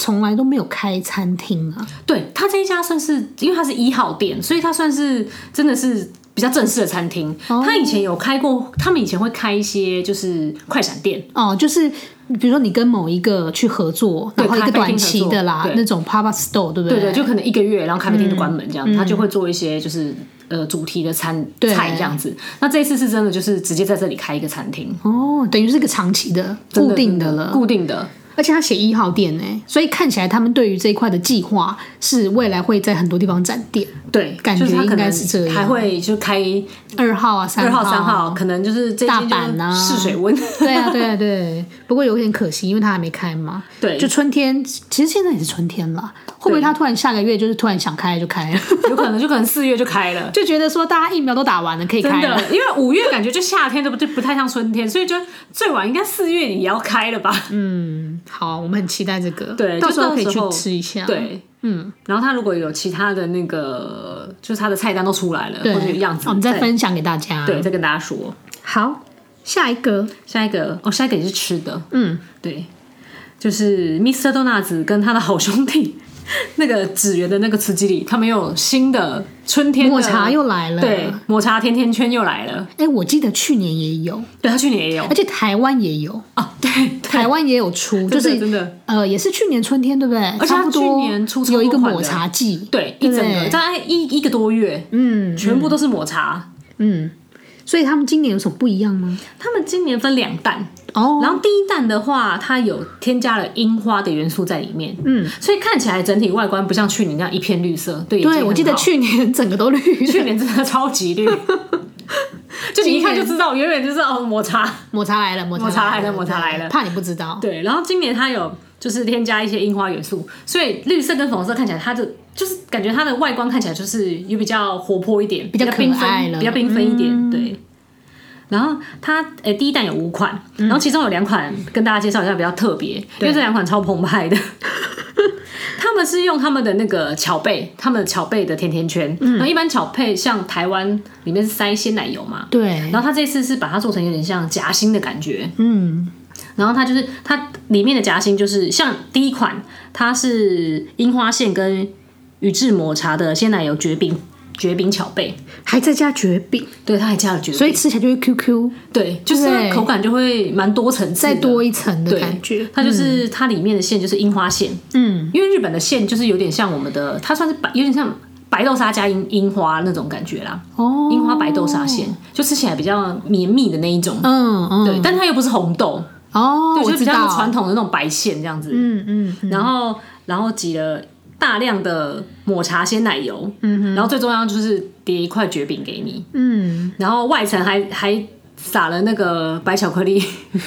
從來都沒有開餐廳啊！對他這一家算是，因為他是一號店，所以他算是真的是比較正式的餐廳，哦。他以前有開過，他們以前會開一些就是快閃店哦，就是比如說你跟某一個去合作，然後一個短期的啦，那種 pop up store，對不對？對，對，對就可能一個月，然後咖啡店就關門這樣，嗯，他就會做一些就是呃主題的餐對菜這樣子。那這一次是真的，就是直接在這裡開一個餐廳哦，等於是一個長期的、固定的了，的固定的。而且他寫一號店呢、欸，所以看起來他們對於這一塊的計劃是未來會在很多地方展店，對，感覺應該是這樣，還會就開二號啊，三號三號，號、啊，可能就是大阪啊，試水溫，對啊，對啊對啊。不過有點可惜，因為他還沒開嘛，對，就春天，其實現在也是春天了，會不會他突然下個月就是突然想開就開了？ 有可能就可能四月就開了， 就覺得說大家疫苗都打完了，可以開了，的因為五月感覺就夏天，都不不太像春天，所以就最晚應該四月也要開了吧，嗯。好、啊，我們很期待這個，對，到時候可以去吃一下，對，嗯，然後他如果有其他的那個，就是他的菜單都出來了，對或者有樣子，我們再分享給大家，對，再跟大家說。好，下一個，下一個，哦，下一個也是吃的，嗯，對，就是 Mister Donuts 跟他的好兄弟。 那個祇園的那個辻利，他們有新的春天的，抹茶又來了，對，抹茶甜甜圈又來了。哎、欸，我記得去年也有，對他去年也有，而且台灣也有啊，對，對台灣也有出，就是真的，真的，呃，也是去年春天，對不對？而且它差不多它去年出有一個抹茶季，對，對一整個大概一一,一個多月，嗯，全部都是抹茶，嗯。嗯所以他們今年有什麼不一樣嗎？他們今年分兩彈哦，Oh. 然後第一彈的話，它有添加了櫻花的元素在裡面，嗯，所以看起來整體外觀不像去年那樣一片綠色，對，對我記得去年整個都綠，去年真的超級綠， 就你一看就知道，遠遠就是哦抹茶，抹茶來了，抹茶來了，抹茶來了，怕你不知道，對，然後今年它有。就是添加一些櫻花元素，所以綠色跟粉色看起來它就，它的就是感覺它的外觀看起來就是有比較活潑一點，比較繽紛，比較繽紛、嗯、一點，對。然後它呃、欸、第一彈有五款，然後其中有兩款跟大家介紹一下比較特別、嗯，因為這兩款超澎湃的。他們是用他們的那個巧貝，他們的巧貝的甜甜圈，嗯、然後一般巧貝像台灣裡面是塞鮮奶油嘛，對。然後他這次是把它做成有點像夾心的感覺，嗯。然後它就是它裡面的夾心，就是像第一款，它是櫻花餡跟宇治抹茶的鮮奶油蕨餅，蕨餅巧貝，還在加蕨餅，對，它還加了蕨餅，所以吃起來就會 QQ，對，就是口感就會蠻多層次，再多一層的感覺。它就是它裡面的餡就是櫻花餡，嗯，因為日本的餡就是有點像我們的，它算是白，有點像白豆沙加櫻櫻花那種感覺啦，哦，櫻花白豆沙餡就吃起來比較綿密的那一種，嗯，嗯對，但它又不是紅豆。哦，我就是、像比較傳統的那種白餡這樣子，嗯嗯，嗯，然後然後擠了大量的抹茶鮮奶油，嗯哼，然後最重要就是疊一塊蕨餅給你，嗯，然後外層還、嗯、還撒了那個白巧克力，嗯、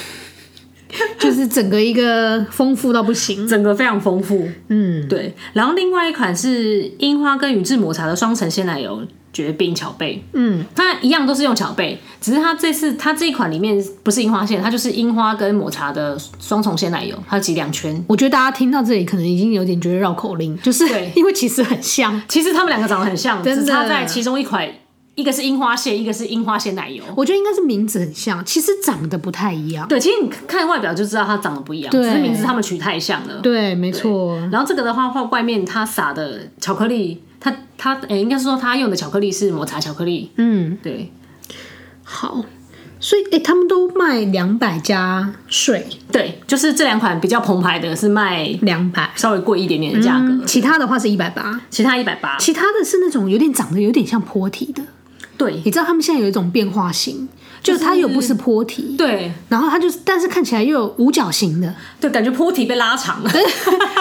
就是整個一個豐富到不行，整個非常豐富，嗯，對，然後另外一款是櫻花跟宇治抹茶的雙層鮮奶油。絕冰巧貝，嗯，它一樣都是用巧貝，只是它這次它這一款裡面不是櫻花餡，它就是櫻花跟抹茶的雙重鮮奶油，它有擠兩圈。我覺得大家聽到這裡可能已經有點覺得繞口令，就是因為其實很像，其實他們兩個長得很像， 只是差在其中一款，一個是櫻花餡，一個是櫻花鮮奶油。我覺得應該是名字很像，其實長得不太一樣。對，其實你看外表就知道它長得不一樣，對，只是名字他們取太像了。對，沒錯。然後這個的話，畫外面它撒的巧克力。他他誒，應該是說他用的巧克力是抹茶巧克力。嗯，對。好，所以誒、欸，他們都賣兩百加稅。對，就是這兩款比較澎湃的是賣兩百，稍微貴一點點的價格、嗯。其他的話是一百八，其他一百八，其他的是那種有點長得有點像波堤的。對，你知道他們現在有一種變化型。就是、就它又不是波堤，對，然後它就是，但是看起來又有五角形的，對，感覺波堤被拉長了，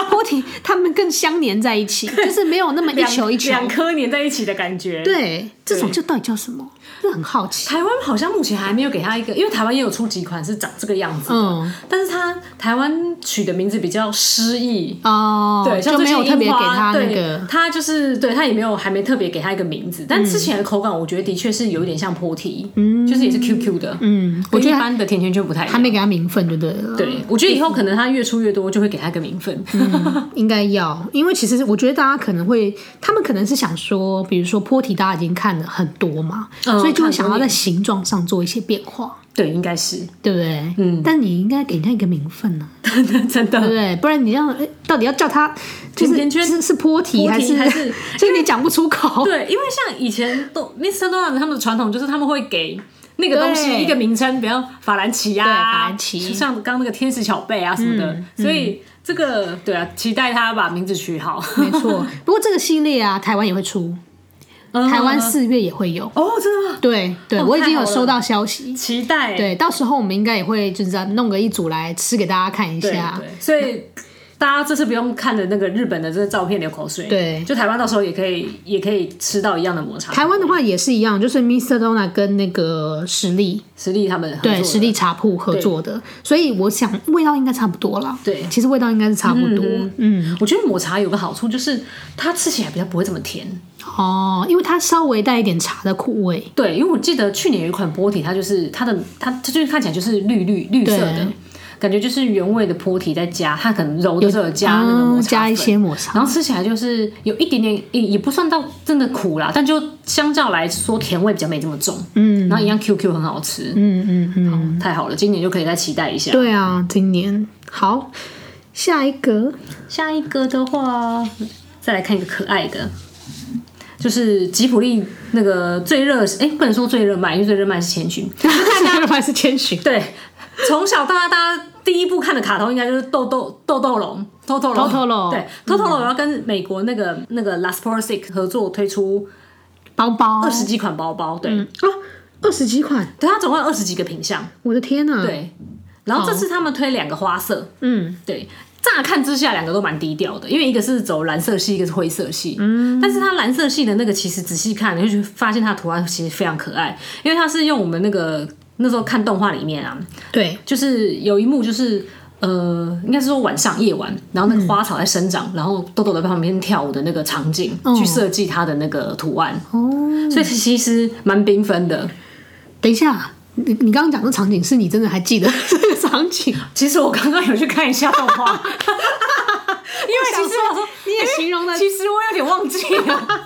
波堤 它們更相連在一起，就是沒有那麼一球一球，兩,兩顆黏在一起的感覺，對。這種就到底叫什麼？就很好奇。台灣好像目前還沒有給他一個，因為台灣也有出幾款是長這個樣子，嗯，但是它台灣取的名字比較詩意哦，對，就沒有特別給他那個，他就是對他也沒有還沒特別給他一個名字。嗯、但吃起來的口感，我覺得的確是有一點像波提，嗯，就是也是 QQ 的，嗯，我覺得一般的甜甜圈不太一樣。還沒給他名分就對了。對，我覺得以後可能他越出越多，就會給他一個名分。嗯、 應該要，因為其實我覺得大家可能會，他們可能是想說，比如說波提，大家已經看了。很多嘛，所以就會想要在形狀上做一些變化。嗯、對，對，應該是對不對？嗯，但你應該給他一個名分呢、啊， 真的對，不，對不然你這樣，哎、欸，到底要叫他就是是是波堤還是還是，就是你講不出口。對，因為像以前都 Mister Donuts 他們的傳統就是他們會給那個東西一個名稱，比如說法蘭奇啊，法蘭奇像剛剛那個天使小貝啊什麼的。嗯嗯、所以這個對啊，期待他要把名字取好。 沒錯，不過這個系列啊，台灣也會出。台灣四月也會有、呃、哦，真的嗎？對對、哦，我已經有收到消息，期待。對，到時候我們應該也會就是再弄個一組來吃給大家看一下，所以。對 大家這次不用看着那個日本的這個照片流口水，對，就台灣到時候也可以，也可以吃到一樣的抹茶。台灣的話也是一樣，就是 Mister Donut 跟那個辻利辻利，他們對辻利茶鋪合作的，合作的，所以我想味道應該差不多了。對，其實味道應該是差不多嗯。嗯，我覺得抹茶有個好處就是它吃起來比較不會這麼甜哦，因為它稍微帶一點茶的苦味。對，因為我記得去年有一款波提它就是它的它它就是看起來就是綠綠綠色的。感覺就是原味的波提再加，它可能揉的時候加了那個抹茶粉，加一些抹茶，然後吃起來就是有一點點也，也不算到真的苦啦，但就相較來說甜味比較沒這麼重，嗯，然後一樣 Q Q 很好吃，嗯嗯嗯，好，太好了，今年就可以再期待一下，對啊，今年好，下一個，下一個的話，再來看一個可愛的，就是吉卜力那個最熱，哎、欸，不能說最熱賣，因為最熱賣是千尋，最熱賣是千尋， 對，從 小到大大家。第一部看的卡通應該就是豆豆豆豆龍豆，豆豆龍，對，豆豆龍我要跟美國那個那個 LeSportsac 合作推出包包，二十幾款包包，對啊，嗯，哦，二十幾款，對，它總共有二十幾個品項，我的天哪，對，然後這次他們推兩個花色，嗯，對，乍看之下兩個都蠻低調的，因為一個是走藍色系，一個是灰色系，嗯，但是它藍色系的那個其實仔細看，你就會發現它的圖案其實非常可愛，因為它是用我們那個。那時候看動畫裡面啊，對，就是有一幕就是呃，應該是說晚上夜晚，然後那個花草在生長，嗯、然後豆豆的旁邊跳舞的那個場景，嗯、去設計它的那個圖案哦，所以其實蠻繽紛的。等一下，你你剛剛講的場景是，你真的還記得這個場景？ 其實我剛剛有去看一下動畫， 因為其實你也形容了，欸、其實我有點忘記了。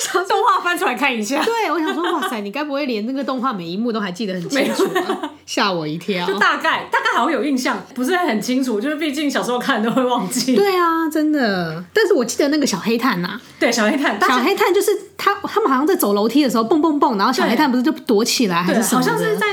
想動畫翻出來看一下，對，我想說，哇塞，你該不會連那個動畫每一幕都還記得很清楚嗎？嚇我一跳，就大概大概還會有印象，不是很清楚，就是畢竟小時候看都會忘記、嗯。對啊，真的，但是我記得那個小黑炭吶、啊，對，小黑炭，小黑炭就是他他們好像在走樓梯的時候蹦蹦蹦，然後小黑炭不是就躲起來還是什麼好像是在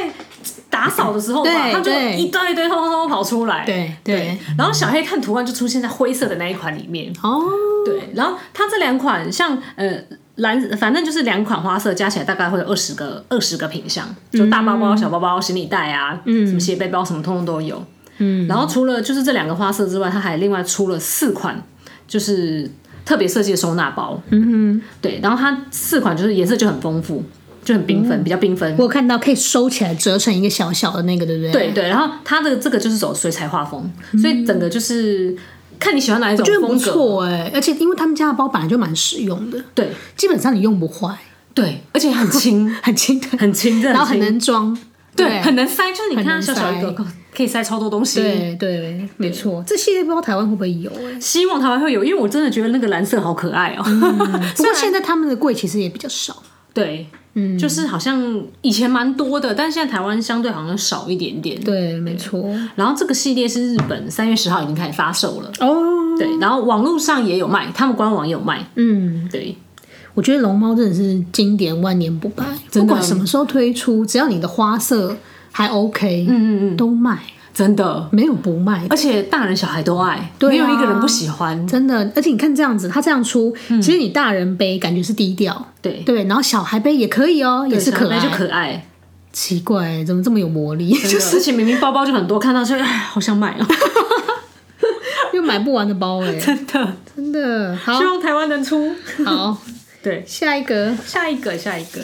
打掃的時候嘛，他就一堆一堆偷偷跑出來，對對，對，然後小黑炭圖案就出現在灰色的那一款裡面哦、嗯，對，然後它這兩款像呃。藍，反正就是兩款花色加起來大概會有二十個二十個品項，就大包包、嗯、小包包、行李袋啊，嗯、什麼斜背包什麼通通都有。嗯，然後除了就是這兩個花色之外，它還另外出了四款，就是特別設計的收納包。嗯哼，對，然後它四款就是顏色就很豐富，就很繽紛，嗯、比較繽紛。我看到可以收起來折成一個小小的那個，對不對？對對，然後它的這個就是走水彩畫風，所以整個就是。嗯看你喜歡哪一種風格，我覺得不錯哎、欸，而且因為他們家的包本來就蠻實用的對，對，基本上你用不壞，對，而且很輕， 很輕的，很輕，然後很能裝，對，很能塞，就是你看小小一個，可以塞超多東西，對，對對，對沒錯，這系列不知道台灣會不會有、欸，希望台灣會有，因為我真的覺得那個藍色好可愛哦、喔。嗯、 不過現在他們的櫃其實也比較少，對。嗯，就是好像以前蠻多的，但現在台灣相對好像少一點點。對，對沒錯。然後這個系列是日本，三月十號已經開始發售了。哦，對。然後網絡上也有賣，哦，他們官網也有賣。嗯，對。我覺得龍貓真的是經典萬年不敗，不管什麼時候推出，只要你的花色還 OK，嗯嗯嗯，都賣。真的沒有不賣的，而且大人小孩都愛，對啊，沒有一個人不喜歡。真的，而且你看這樣子，它這樣出，嗯，其實你大人背感覺是低調，對對，然後小孩背也可以哦，也是可愛，就可愛。奇怪欸，怎麼這麼有魔力？就之前明明包包就很多， 看到就哎，好想買哦， 又買不完的包欸，真的真的好。希望台灣能出 好，對，下一個，下一個，下一個。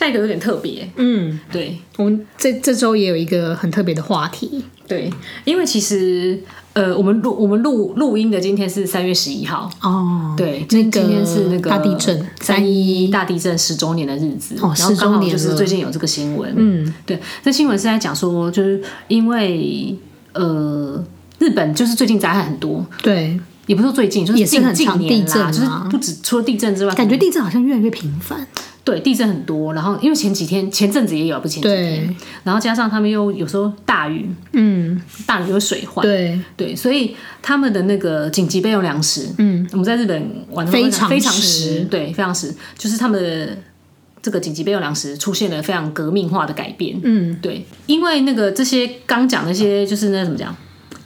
下一個有點特別，嗯，對，我們這這週也有一個很特別的話題，對，因為其實呃，我們錄我們錄錄音的今天是三月十一號哦，對，今、那個、今天是那個大地震三一大地震十周年的日子，週的日子哦，十週年。就是最近有這個新聞，嗯，對，這新聞是在講說，就是因為呃，日本就是最近災害很多，對，也不是說最近，就是，地也是近幾年啦，就是不止除了地震之外，感覺地震好像越來越頻繁。對地震很多，然後因為前幾天前陣子也有，不前幾天，然後加上他們又有時候大雨，嗯，大雨又水患，對對，所以他們的那個緊急備用糧食，嗯，我們在日本玩的時非常食，對，非常食，就是他們的這個緊急備用糧食出現了非常革命化的改變，嗯，對，因為那個這些剛講那些就是那怎麼講？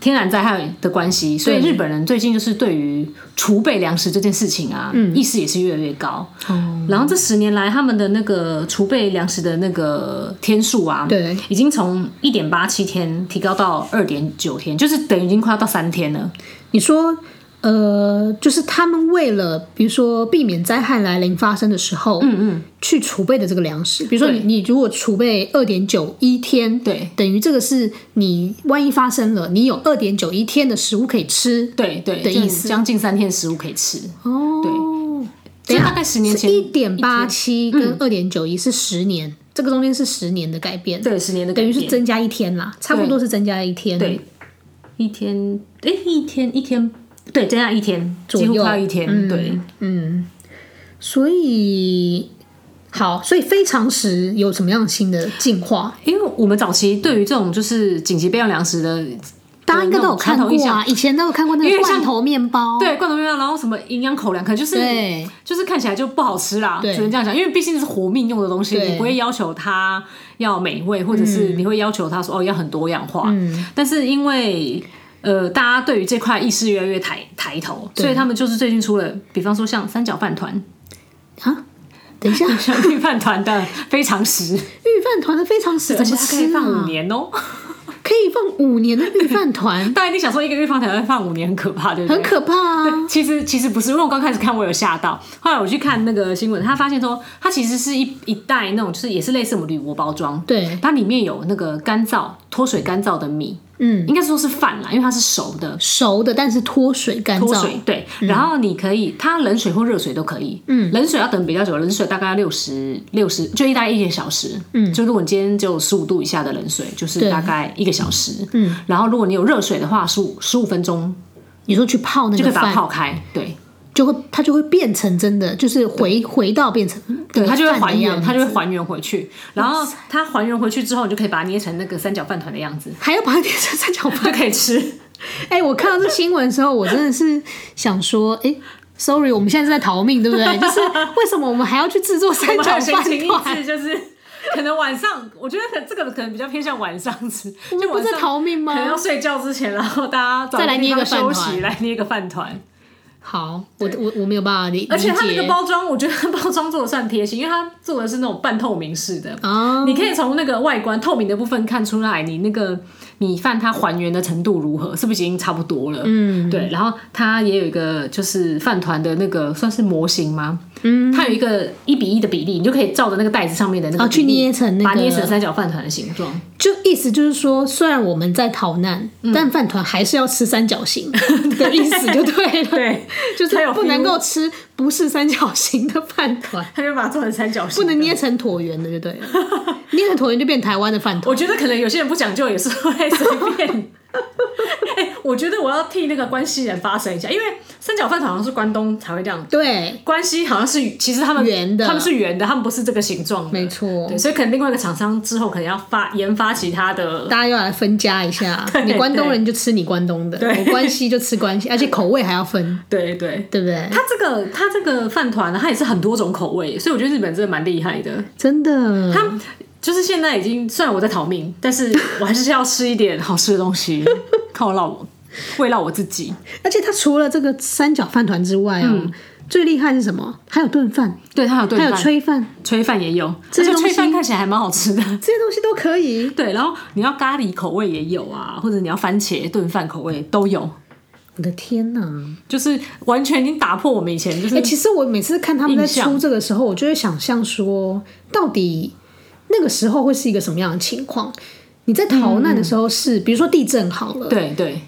天然災害的關係，所以日本人最近就是對於儲備糧食這件事情啊，嗯、意識也是越來越高。嗯、然後這十年來，他們的那個儲備糧食的那個天數啊，對，已經從一點八七天提高到二點九天，就是等於已經快要到三天了。你說？呃，就是他們為了，比如說避免災害來臨發生的時候，嗯嗯，去儲備的這個糧食。比如說你你如果儲備二點九一天，對，等於這個是你萬一發生了，你有二點九一天的食物可以吃，對對的意思，將近三天食物可以吃，哦，對，等於大概十年前一點八七跟二點九一，是十年、嗯，這個中間是十年的改變，對，十年的改變，等於是增加一天啦，差不多是增加一天，對，一天，誒，一天一天。對，剩下一天，快要一天左右，靠一天，對，嗯，所以好，所以非常食有什麼樣的新的進化？因為我們早期對於這種就是緊急備用糧食的，大家應該都有看頭印象，以前都有看過那個罐頭麵包，對，罐頭麵包，然後什麼營養口糧，可能就是就是看起來就不好吃啦，只能這樣講，因為畢竟是活命用的東西，你不會要求它要美味，或者是你會要求它說哦要很多樣化，嗯、但是因為。呃，大家對於這塊意識越來越抬抬頭，所以他們就是最近出了，比方說像三角飯糰啊，等一下，像御飯糰的非常食， 御飯糰的非常食怎麼吃啊？而且它可以放五年哦，喔，可以放五年的御飯糰，大家一定想說一個御飯糰要放五年很可怕，對不對？很可怕啊！其實其實不是，因為我剛開始看我有嚇到，後來我去看那個新聞，他發現說，它其實是一一袋那種，就是也是類似我們鋁箔包裝，對，它裡面有那個乾燥脫水乾燥的米。嗯，應該說是飯啦，因為它是熟的，熟的但是脫水乾燥，脫水，對。嗯。然後你可以，它冷水或熱水都可以。嗯，冷水要等比較久，冷水大概要六十六十，就大概一個小時。嗯，就如果你今天就十五度以下的冷水，就是大概一個小時。嗯，然後如果你有熱水的話，十五十五分鐘，你說去泡那個飯就可以把它泡開，對。就會，它就會變成真的，就是回回到變成，對，它就會還原，它就會還原回去。然後它還原回去之後，你就可以把它捏成那個三角飯糰的樣子，還要把它捏成三角飯糰可以吃。哎、欸，我看到這新聞的時候， 我真的是想說，哎、欸、，sorry，我們現在是在逃命，對不對？ 就是為什麼我們還要去制作三角飯糰，就是？可能晚上， 我覺得這個可能比較偏向晚上吃，就我們不是逃命嗎？可能要睡覺之前，然後大家休息再來捏一來捏一個飯糰。好，我我我沒有辦法理解。而且它那個包裝，我覺得包裝做的算貼心，因為它做的是那種半透明式的，嗯，你可以從那個外觀透明的部分看出來，你那個米飯它還原的程度如何，是不是已經差不多了？嗯，對。然後它也有一個就是飯糰的那個算是模型嗎？嗯，它有一個一比一的比例，你就可以照着那個袋子上面的那個去捏成那個，把捏成三角飯糰的形狀。就意思就是說，雖然我們在逃難，但飯糰還是要吃三角形的意思就對了。對，就是不能夠吃不是三角形的飯糰，他就把它做成三角形，不能捏成橢圓的就對了。捏成橢圓就變台灣的飯糰。我覺得可能有些人不講究也是會隨便。 欸、我覺得我要替那個關西人發聲一下，因為三角飯糰好像是關東才會這樣。對，關西好像是其實他們圓的，他們是圓的，他們不是這個形狀。沒錯，對，所以可能另外一個廠商之後可能要發研發其他的，大家要來分家一下 對對對。你關東人就吃你關東的，對，對，對，我關西就吃關西，而且口味還要分。對對對，對不對？他這個他這個飯糰呢，它也是很多種口味，所以我覺得日本真的蠻厲害的，真的。他就是現在已經，雖然我在逃命，但是我還是要吃一點好吃的東西， 犒勞我，慰勞我自己。而且它除了這個三角飯糰之外啊，嗯、最厲害是什麼？還有燉飯，對它有燉飯，還有炊飯，炊飯也有。這些炊飯看起來還蠻好吃的，這些東西都可以。對，然後你要咖喱口味也有啊，或者你要番茄燉飯口味都有。我的天哪、啊，就是完全已經打破我們以前就是、欸。其實我每次看他們在出這個時候，我就會想象說，到底。那個時候會是一個什麼樣的情況？你在逃難的時候是，嗯、比如說地震好了，對對。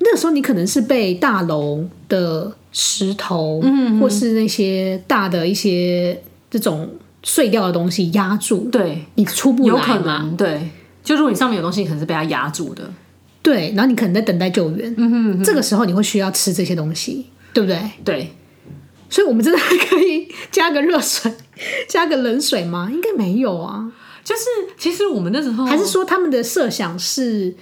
那個時候你可能是被大樓的石頭，嗯，嗯，或是那些大的一些這種碎掉的東西壓住，對，你初步有可能，對。就如果你上面有東西，你可能是被它壓住的，對。然後你可能在等待救援，嗯，嗯，這個時候你會需要吃這些東西，對不對？對。所以我們真的還可以加個熱水。 加個冷水嗎？應該沒有啊。就是，其實我們那時候還是說他們的設想是，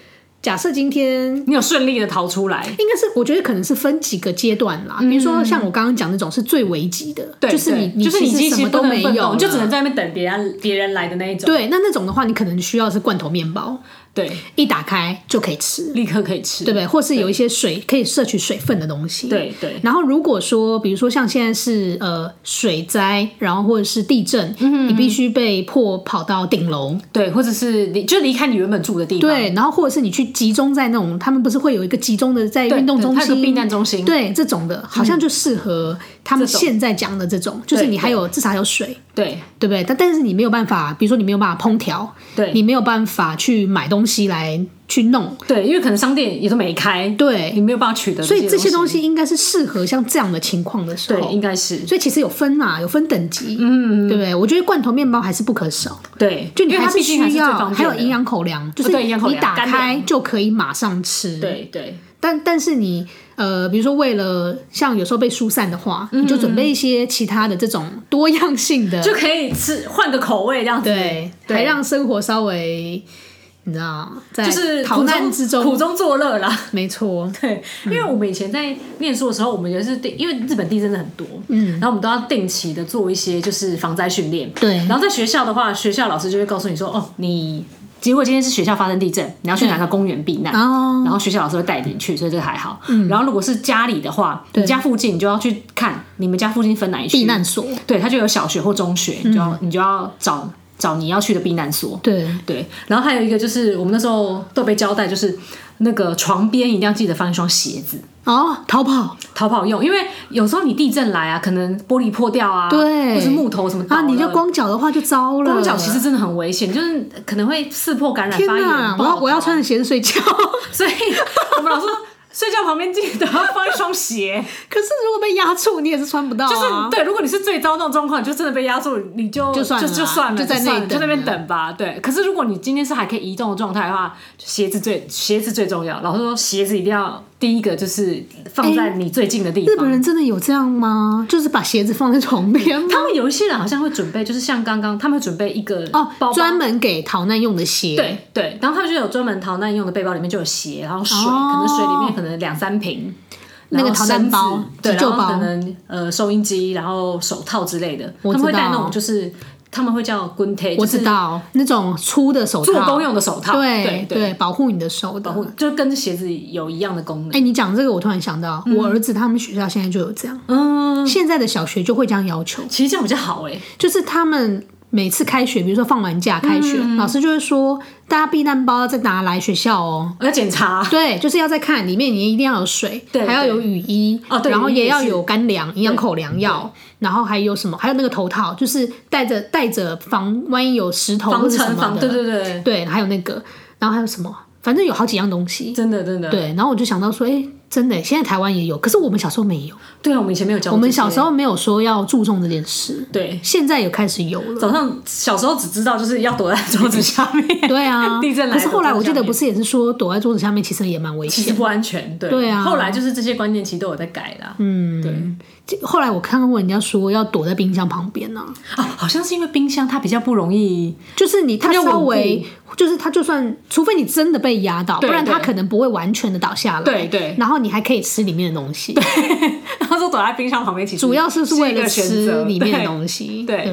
假設今天你有順利的逃出來，應該是我覺得可能是分幾個階段啦、嗯。比如說像我剛剛講那種是最危急的、嗯，就是你就是你什麼都沒有不能不能，就只能在那邊等別人別人來的那一種。對，那那種的話，你可能需要是罐頭麵包。對，一打開就可以吃，立刻可以吃，對不對？或是有一些水可以攝取水分的東西。對對。然後如果說，比如說像現在是呃水災，然後或者是地震嗯嗯，你必須被迫跑到頂樓，對，或者是你就離開你原本住的地方，對。然後或者是你去集中在那種，他們不是會有一個集中的在運動中心，它是避難中心，對，這種的，好像就適合。嗯他們現在講的這種，這種，就是你還有對對對，至少還有水，對，對不對？但但是你沒有辦法，比如說你沒有辦法烹調，對，你沒有辦法去買東西來去弄，對，因為可能商店也都沒開，對，你沒有辦法取得東西。所以這些東西應該是適合像這樣的情況的時候，對，應該是。所以其實有分啊，有分等級，嗯，對不對？我覺得罐頭麵包還是不可少，對，就你還是需要還有營養口糧，就是、哦、對你打開就可以馬上吃，對對。但但是你。呃，比如說，為了像有時候被疏散的話、嗯，你就準備一些其他的這種多樣性的，就可以吃換個口味這樣子，對，對還讓生活稍微你知道，就是逃難之中苦中，苦中作樂啦，沒錯，對、嗯。因為我們以前在念書的時候，我們也是因為日本地震的很多，嗯，然後我們都要定期的做一些就是防災訓練，對。然後在學校的話，學校老師就會告訴你說，哦，你。結果今天是學校發生地震，你要去哪個公園避難？哦，oh. 然後學校老師會帶你去，所以這個還好、嗯。然後如果是家裡的話對，你家附近你就要去看你們家附近分哪一區避難所？對，它就有小學或中學，你、嗯、就要你就要找找你要去的避難所。對對。然後還有一個就是我們那時候都被交代，就是那個床邊一定要記得放一雙鞋子。哦，逃跑，逃跑用，因為有時候你地震來啊，可能玻璃破掉啊，對，或是木頭什麼，啊，你就光腳的話就糟了。光腳其實真的很危險，就是可能會刺破感染發炎。天哪，我要我要穿着鞋子睡覺， 所以 我們老師說睡覺旁邊記得要放一雙鞋。 可是如果被壓住，你也是穿不到啊。就是對，如果你是最糟的那種狀況，你就真的被壓住，你就就算了啊，就算了就在那了就，就在那邊等吧。對，可是如果你今天是還可以移動的狀態的話，鞋子最鞋子最重要。老師說鞋子一定要。第一個就是放在你最近的地方、欸。日本人真的有這樣嗎？就是把鞋子放在床邊嗎？他們有一些人好像會準備，就是像剛剛他們準備一個包包哦，專門給逃難用的鞋。對對，然後他們就有專門逃難用的背包，裡面就有鞋，然後水，哦、可能水裡面可能兩三瓶。那個逃難包，對救救包，然後可能呃收音機，然後手套之類的，我他們會帶那種就是。他們會叫軍手，我知道、就是、那種粗的手套，做工用的手套，對對、對對，保護你的手的，保護就跟鞋子有一樣的功能。哎、欸，你講這個，我突然想到、嗯，我兒子他們學校現在就有這樣，嗯，現在的小學就會這樣要求。其實這樣比較好哎、欸，就是他們每次開學，比如說放完假開學，嗯、老師就會說，大家避難包要再拿來學校哦，我要檢查。對，就是要再看裡面，你一定要有水，對、對、對，還要有雨衣啊、哦，然後也要有乾糧、營養口糧、藥。然後還有什麼？還有那個頭套，就是戴着，戴着防萬一有石頭什麼，防塵，對對對對，還有那個，然後還有什麼？反正有好幾樣東西。真的真的。對，然後我就想到說，哎，真的，現在台灣也有，可是我們小時候沒有。對啊，我們以前沒有教過。我們小時候沒有說要注重這件事。對，現在也開始有了。早上小時候只知道就是要躲在桌子下面。對啊，地震來。可是後來我記得不是也是說躲在桌子下面其實也蠻危險的，其實不安全。對對啊。後來就是這些觀念其實都有在改啦。嗯。對。後來我看過人家說要躲在冰箱旁邊呢、啊，啊，好像是因為冰箱它比較不容易，就是你它稍微，稍微就是它就算，除非你真的被壓到，不然它可能不會完全的倒下來，對對，對，然後你還可以吃裡面的東西，對對，然後說躲在冰箱旁邊其實主要是是為了吃裡面的東西，對對對，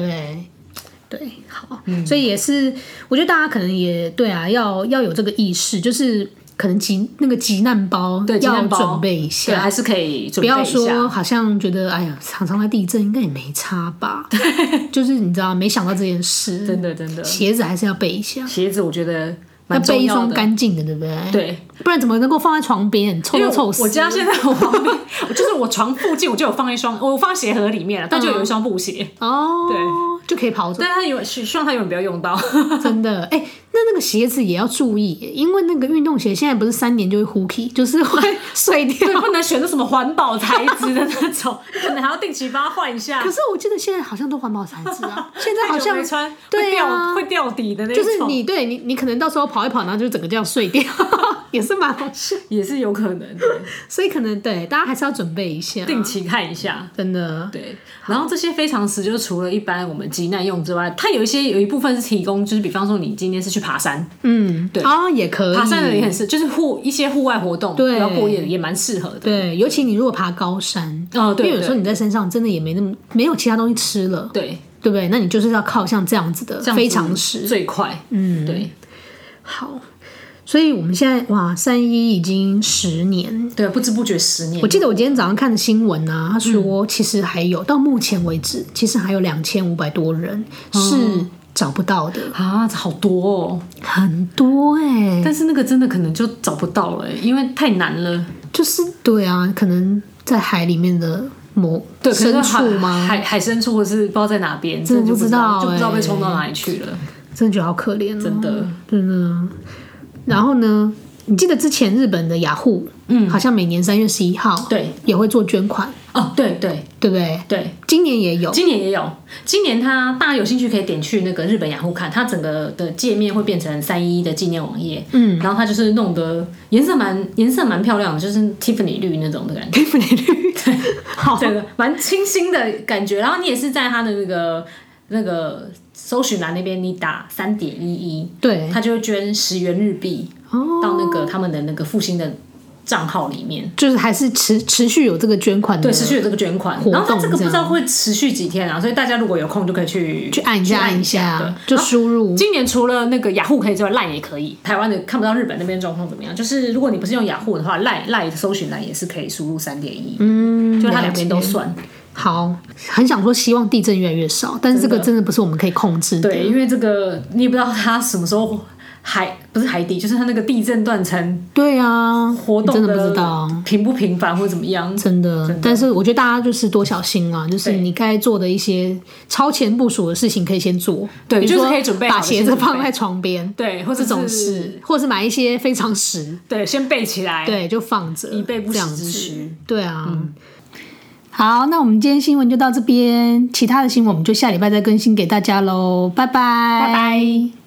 對，好、嗯，所以也是我覺得大家可能也對啊，要要有這個意識，就是。可能急那個急難包要準備一下，還是可以準備一下。不要說好像覺得，像覺得哎呀，常常在地震應該也沒差吧， 就是你知道，沒想到這件事，真的真的鞋子還是要備一下，鞋子我覺得蠻重要的，要備一雙乾淨的，對不對？對。不然怎麼能夠放在床邊臭臭死？我家現在我旁邊 就是我床附近我就有放一雙， 我放鞋盒裡面了、嗯，但就有一雙布鞋哦，對，就可以跑走。但他永遠希望他永遠不要用到， 真的。哎、欸，那那個鞋子也要注意，因為那個運動鞋現在不是三年就會呼氣，就是會碎掉，對，不能選擇什麼環保材質的那種， 可能還要定期把它換一下。 可是我記得現在好像都環保材質啊，現在好像穿、啊、會掉會掉底的那種。就是你對你你可能到時候跑一跑，然後就整個這樣碎掉， 也是。是蠻好笑，也是有可能的， 所以可能對大家還是要準備一下，定期看一下，真的對。然後這些非常食就除了一般我們急難用之外，它有一些有一部分是提供，就是比方說你今天是去爬山，嗯，對啊，也可以爬山也很適，就是戶一些戶外活動，對，要過夜也蠻適合的。對，尤其你如果爬高山，哦、嗯，因為有時候你在山上真的也沒那麼沒有其他東西吃了，對，對不對？那你就是要靠像這樣子的樣子非常食最快，嗯，對，好。所以我們現在哇，三一已經十年，對，不知不覺十年。我記得我今天早上看的新聞啊，他說其實還有、嗯，到目前為止，其實還有兩千五百多人是找不到的、嗯、啊，好多哦，很多哎、欸。但是那個真的可能就找不到了、欸，因為太難了。就是對啊，可能在海裡面的某對可能那個海深處嗎？海、海深處，或是不知道在哪邊，真的不知道、欸，就不知道被沖到哪裡去了。真的覺得好可憐、哦，真的，真的。然後呢？你記得之前日本的雅虎，嗯，好像每年三月十一號，對，也會做捐款哦。對對對，不對？對，今年也有，今年也有。今年它大家有興趣可以點去那個日本雅虎看，它整個的界面會變成三一一的紀念網頁。嗯，然後它就是弄得顏色蠻顏色蠻漂亮的，就是 Tiffany 綠那種的感覺。Tiffany 綠對， 對的，好，這個蠻清新的感覺。然後你也是在它的那個那個。搜尋欄那邊你打三點一一，對，他就會捐十元日幣到那個他們的那個復興的賬號裡面，就是還是持持續有這個捐款的，對，持續有這個捐款。然後它這個不知道會持續幾天啊，所以大家如果有空就可以去去按去按一下，按一下按一下就輸入。今年除了那個雅虎可以之外，賴也可以。台灣的看不到日本那邊狀況怎麼樣？就是如果你不是用雅虎的話，賴賴搜尋欄也是可以輸入三點一，嗯，就它兩邊都算。好，很想說希望地震越來越少，但是這個真的不是我們可以控制的。真的，對，因為這個你也不知道它什麼時候海不是海底，就是它那個地震斷層。對啊，活動的真的不知道頻不頻繁或怎麼樣，真的。真的，但是我覺得大家就是多小心啊，就是你該做的一些超前部署的事情可以先做。對，也就是可以準備，準備把鞋子放在床邊，對，或是這種事，或是買一些非常實，對，先備起來，對，就放着以備不時之需。對啊。嗯好，那我們今天新聞就到這邊，其他的新聞我們就下禮拜再更新給大家嘍，拜拜，拜拜。